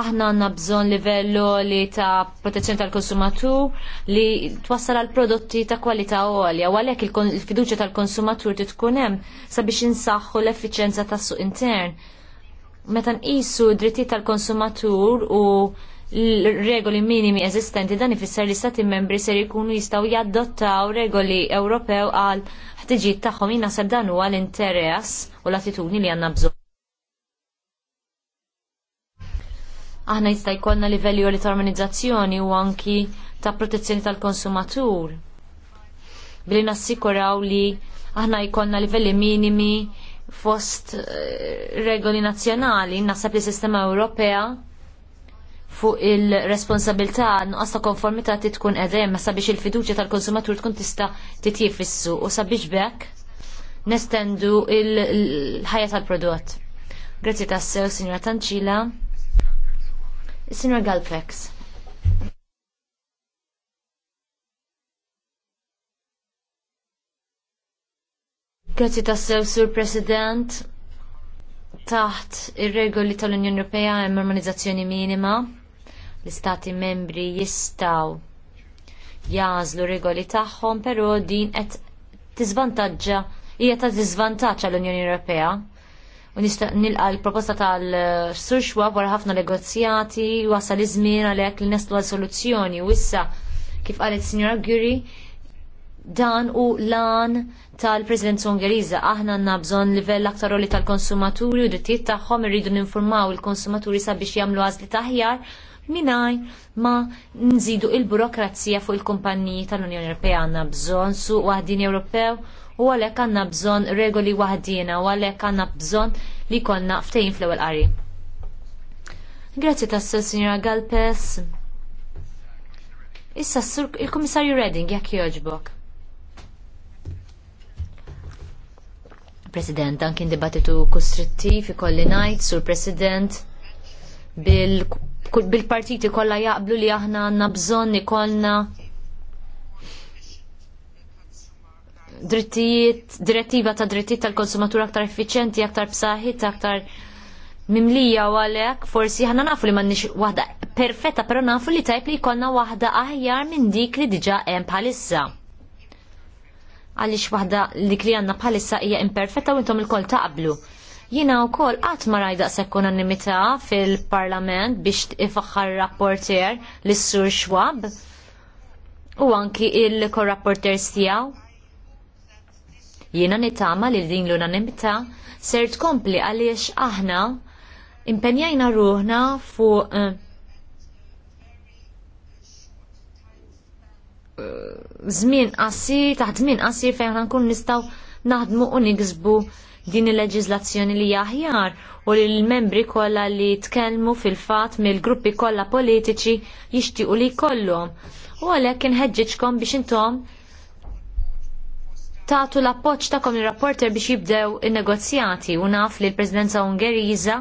Aħna għanna bżon livello li ta' protezzjoni tal-konsumatur li twassal għal prodotti ta' kwalità għolja. Għalek il-fiduċa tal-konsumatur tkun hemm sabiex insaħħu l effiċjenza tas-suq intern. Meta nqisu drittijiet tal-konsumatur u regoli minimi eżistenti dan ifisser li stati membri ser jkunu jistgħu jaddottaw regoli Ewropew għal ħtiġijiet tagħhom jinasab dan huwa l-interess u l-attitudni li għandna bżonn. aħna jista' jkollna livelli li ta' armonizzazzjoni u anki ta' protezzjoni tal-konsumatur. Billi nassikuraw li aħna jkollna livelli minimi fost eh, regoli nazzjonali, naħseb li sistema Ewropea fuq il-responsabilità nuqqas ta' konformità ti tkun edem sabiex il-fiduċja tal-konsumatur tkun tista' titjif fissu u sabiex bekk nestendu il-ħajja tal-prodott. Grazzi tassew, signora Tanċila. Signor Galpex. Grazzi tassew, Sur President. Taħt ir-regoli tal-Unjoni Ewropea hemm armonizzazzjoni minima. L-istati membri jistgħu jażlu regoli tagħhom, però din qed tiżvantaġġa hija ta' tiżvantaġġ għall-Unjoni Ewropea u nilqa l-proposta tal surxwa wara ħafna negozjati wasal iż-żmien għalhekk li nestu għal soluzzjoni u issa kif qalet Sinjora Guri dan u lan tal-President Ungeriża. Aħna għandna bżonn livell aktar roli tal-konsumaturi u drittijiet tagħhom irridu ninformaw il-konsumaturi sabiex jagħmlu għażli taħjar minaj ma nżidu il-burokrazija fuq il-kumpanniji tal-Unjoni Ewropea għandna bżonn suq waħdin Ewropew u għalhekk għandna bżonn regoli wahdina u għalhekk għandna bżonn li jkollna ftejn fl-ewwel qari. Grazzi tas signora Galpes. Issa il-Kummissarju Redding jekk jogħġbok. President, dan kien dibattitu kustrittiv ikolli ngħid sur President bil-partiti kolla kollha jaqblu li aħna għandna bżonn ikollna drittijiet, direttiva ta' drittijiet tal-konsumatur aktar effiċenti, aktar b'saħħit, aktar mimlija u għalek, forsi ħanna nafu li mannix wahda perfetta, pero nafu li tajb li jkollna wahda aħjar minn dik li diġa hemm bħalissa. Għalix wahda li kli għanna bħalissa hija imperfetta u intom il-kol taqblu. Jina u kol għat ma rajda sekkun annimita fil-parlament biex ifaxħar rapporter l-sur Schwab u anki il-korrapporter stijaw Jiena nitama li din l-unanimità ser tkompli għaliex aħna impenjajna ruħna fuq eh, eh, żmien qasir taħt żmien qasir fejn nkun nistgħu naħdmu u niksbu din il-leġizlazzjoni li jaħjar u li l-membri kollha li tkellmu fil-fatt mill-gruppi kollha politiċi jixtiequ li jkollhom. U għalhekk inħeġġiġkom biex intom tagħtu l-appoġġ tagħkom ir-rapporter biex jibdew in-negozjati u naf li l-Presidenza Ungeriża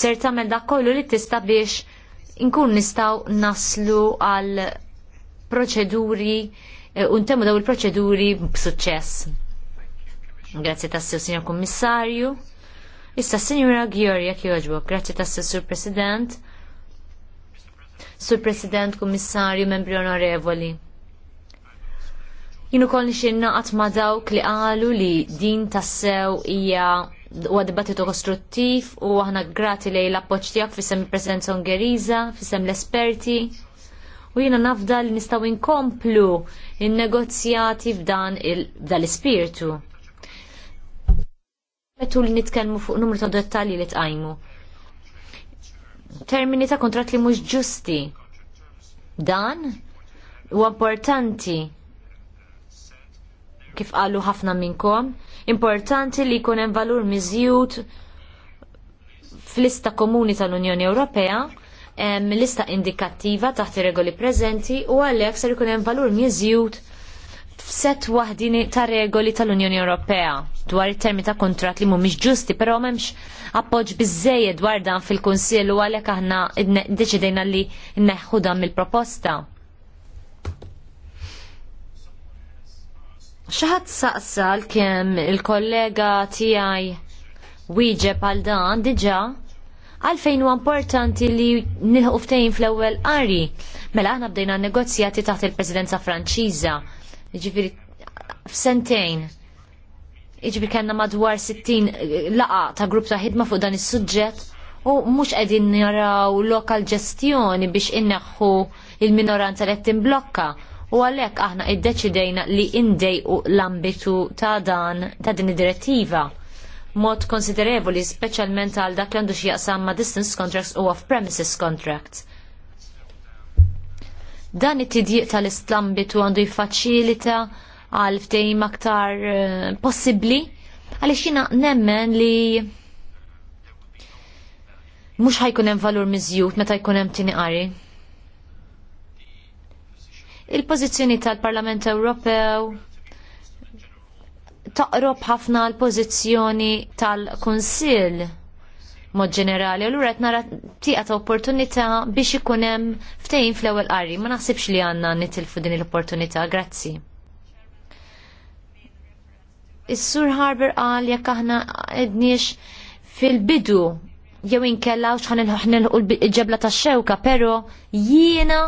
ser tagħmel dak kollu li tista' biex inkun nistgħu naslu għal proċeduri eh, u ntemmu daw il-proċeduri b'suċċess. Grazzi tassew, Signor Kummissarju. Issa, Signora Gjorja Kjoġbok, grazzi tassew, Sur President. Sur President, Kummissarju, Membri Onorevoli. Jien ukoll nixinaqat ma' dawk li qalu li din tassew hija huwa dibattitu kostruttiv u aħna grati li l-appoġġ tiegħek fissem il-Presidenza ungeriza, fissem l-esperti. U jiena nafda li nistgħu inkomplu il negozjati f'dan l-ispirtu. Metu li nitkelmu fuq numru ta' dettalji li tqajmu. Termini ta' kontrat li mhux ġusti. Dan huwa importanti kif qalu ħafna minnkom, importanti li jkun hemm valur miżjud fl-lista komuni tal-Unjoni Ewropea, lista indikattiva taħt ir-regoli preżenti u għalhekk ser ikun hemm valur miżjud f'set waħdini ta' regoli tal-Unjoni Ewropea dwar it-termi ta' kontrat li mhumiex ġusti, però m'hemmx appoġġ biżejjed dwar dan fil-Kunsill u għalhekk aħna deċidejna li nneħħu dan mill-proposta. Xaħat saqsal kem il-kollega tijaj wieġeb għal dan diġa għalfejn huwa importanti li nilħu ftejn fl-ewwel qari. Mela aħna bdejna negozjati taħt il-Presidenza Franċiża. f jiġifieri f'sentejn. Jiġifieri kellna madwar 60 laqa ta' grupp ta' ħidma fuq dan is-suġġett u mhux qegħdin naraw lokal ġestjoni biex inneħħu il-minoranza li qed blokka U għalhekk aħna iddeċidejna li indejqu l-ambitu ta' dan ta' din id-direttiva mod konsiderevoli speċjalment għal dak li għandu xieqsam ma' distance contracts u off-premises contracts. Dan it-tidjiq tal istlambitu għandu jfaċilita għal ftehim aktar eh, possibbli għaliex jiena nemmen li mhux ħajkun hemm valur miżjud meta jkun hemm tieni qari il-pożizzjoni tal-Parlament Ewropew taqrob ħafna l-pożizzjoni tal-Kunsill mod ġenerali, u l-uret nara tiqat opportunità biex ikun hemm fl-ewwel qari. Ma naħsibx li għandna nitilfu din l-opportunità, grazzi. Is-Sur Harbour qal jekk aħna qedniex fil-bidu jew inkella x'ħan u l-ġebla tax-xewka, però jiena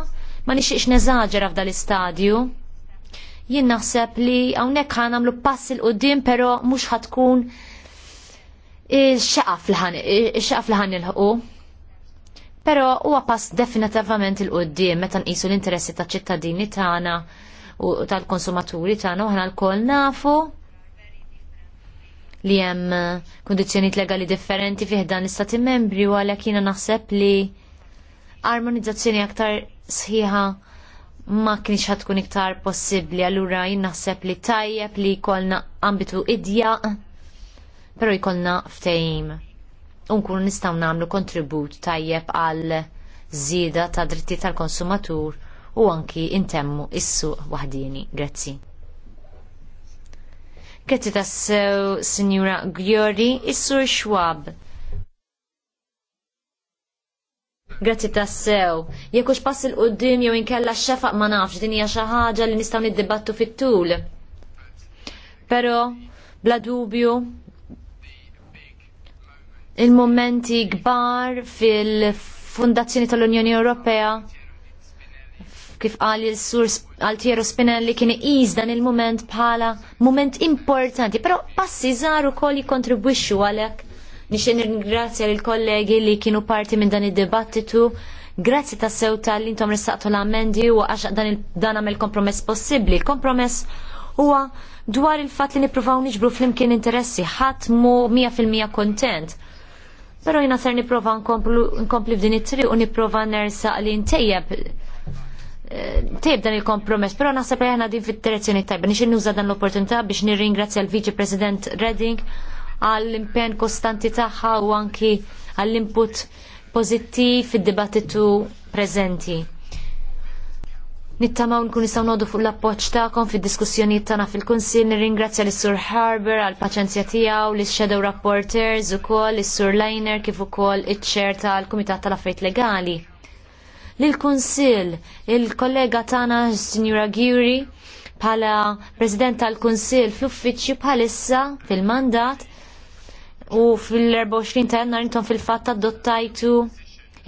Ma nixiex neżagġera f'dal istadju. Jien naħseb li hawnhekk ħanamlu pass il qudiem però mhux ħatkun il-xaqaf l ħan il-ħu. Pero huwa pass definitivament il-qoddim meta nqisu l-interessi ta' ċittadini tagħna u tal-konsumaturi tagħna u l lkoll nafu li hemm kundizzjonijiet legali differenti fih dan l-istati membri u għalhekk jiena naħseb li armonizzazzjoni aktar sħiħa ma kienx ħatkun iktar possibbli allura jien naħseb li tajjeb li jkollna ambitu idja, però jkollna ftehim. nkunu nistgħu nagħmlu kontribut tajjeb għal żieda ta' dritti tal-konsumatur u anki intemmu is-suq waħdini. Grazzi. Grazzi tas-sew Sinjura Gjori, is-Sur Schwab. Grazzi tassew. Jekk hux pass il qudiem jew inkella x-xefaq ma nafx din hija xi ħaġa li nistgħu niddibattu fit-tul. Però bla dubju il-momenti kbar fil-Fundazzjoni tal-Unjoni Ewropea kif qal il-sur Altiero Spinelli kien iż dan il mument bħala mument importanti, però passi żgħar ukoll jikkontribwixxu għalhekk nixen nirringrazzja lill kollegi li kienu parti minn dan id-dibattitu. Grazzi ta' sew tal-li intom rissaqtu l-ammendi u għax dan dan għamel kompromess possibbli. Il-kompromess huwa dwar il-fatt li nippruvaw niġbru flimkien interessi, ħadd mu 100% kontent. Pero jina ser niprofa nkompli f'din it-tri u niprofa nersa li ntejjeb eh, tejb dan il-kompromess, pero naħseb li aħna din fit-direzzjoni tajba. Nixin nuża dan l-opportunità biex nirringrazzja l-Viċi President Redding għall-impenn kostanti tagħha u anki għall-input pożittiv fid-dibattitu preżenti. Nittamaw nkun nistgħu nodu fuq l-appoġġ tagħkom fid-diskussjonijiet tagħna fil-Kunsill, nirringrazzja lis sur Harbour għall paċenzja tiegħu, lis shadow rapporters ukoll, is sur Liner kif ukoll iċ chair tal-Kumitat tal-Affarijiet Legali. Lil-Kunsill, il-kollega tagħna Sinjura Giuri, bħala President tal-Kunsill fl-uffiċċju bħalissa fil-mandat u fil-24 ta' jannar intom fil-fatt adottajtu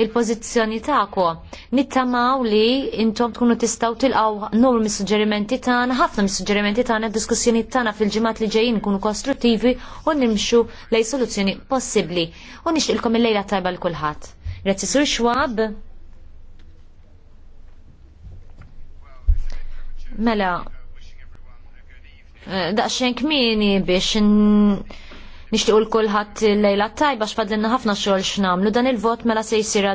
il-pozizjoni ta'kom. Nittamaw li intom tkunu tistaw tilqaw nur mis-suġġerimenti tagħna, ħafna mis-suġġerimenti tagħna, diskussjoni tagħna fil-ġimgħat li ġejjin kunu kostruttivi u nimxu lej soluzzjoni possibbli. U nixtilkom il-lejla tajba l kulħadd. Grazzi Sur Schwab. Mela, eh, daqsxejn kmieni biex Nixtiequ l kulħadd lejla tajba x'fadlinna ħafna xogħol x'namlu dan il-vot mela se jsir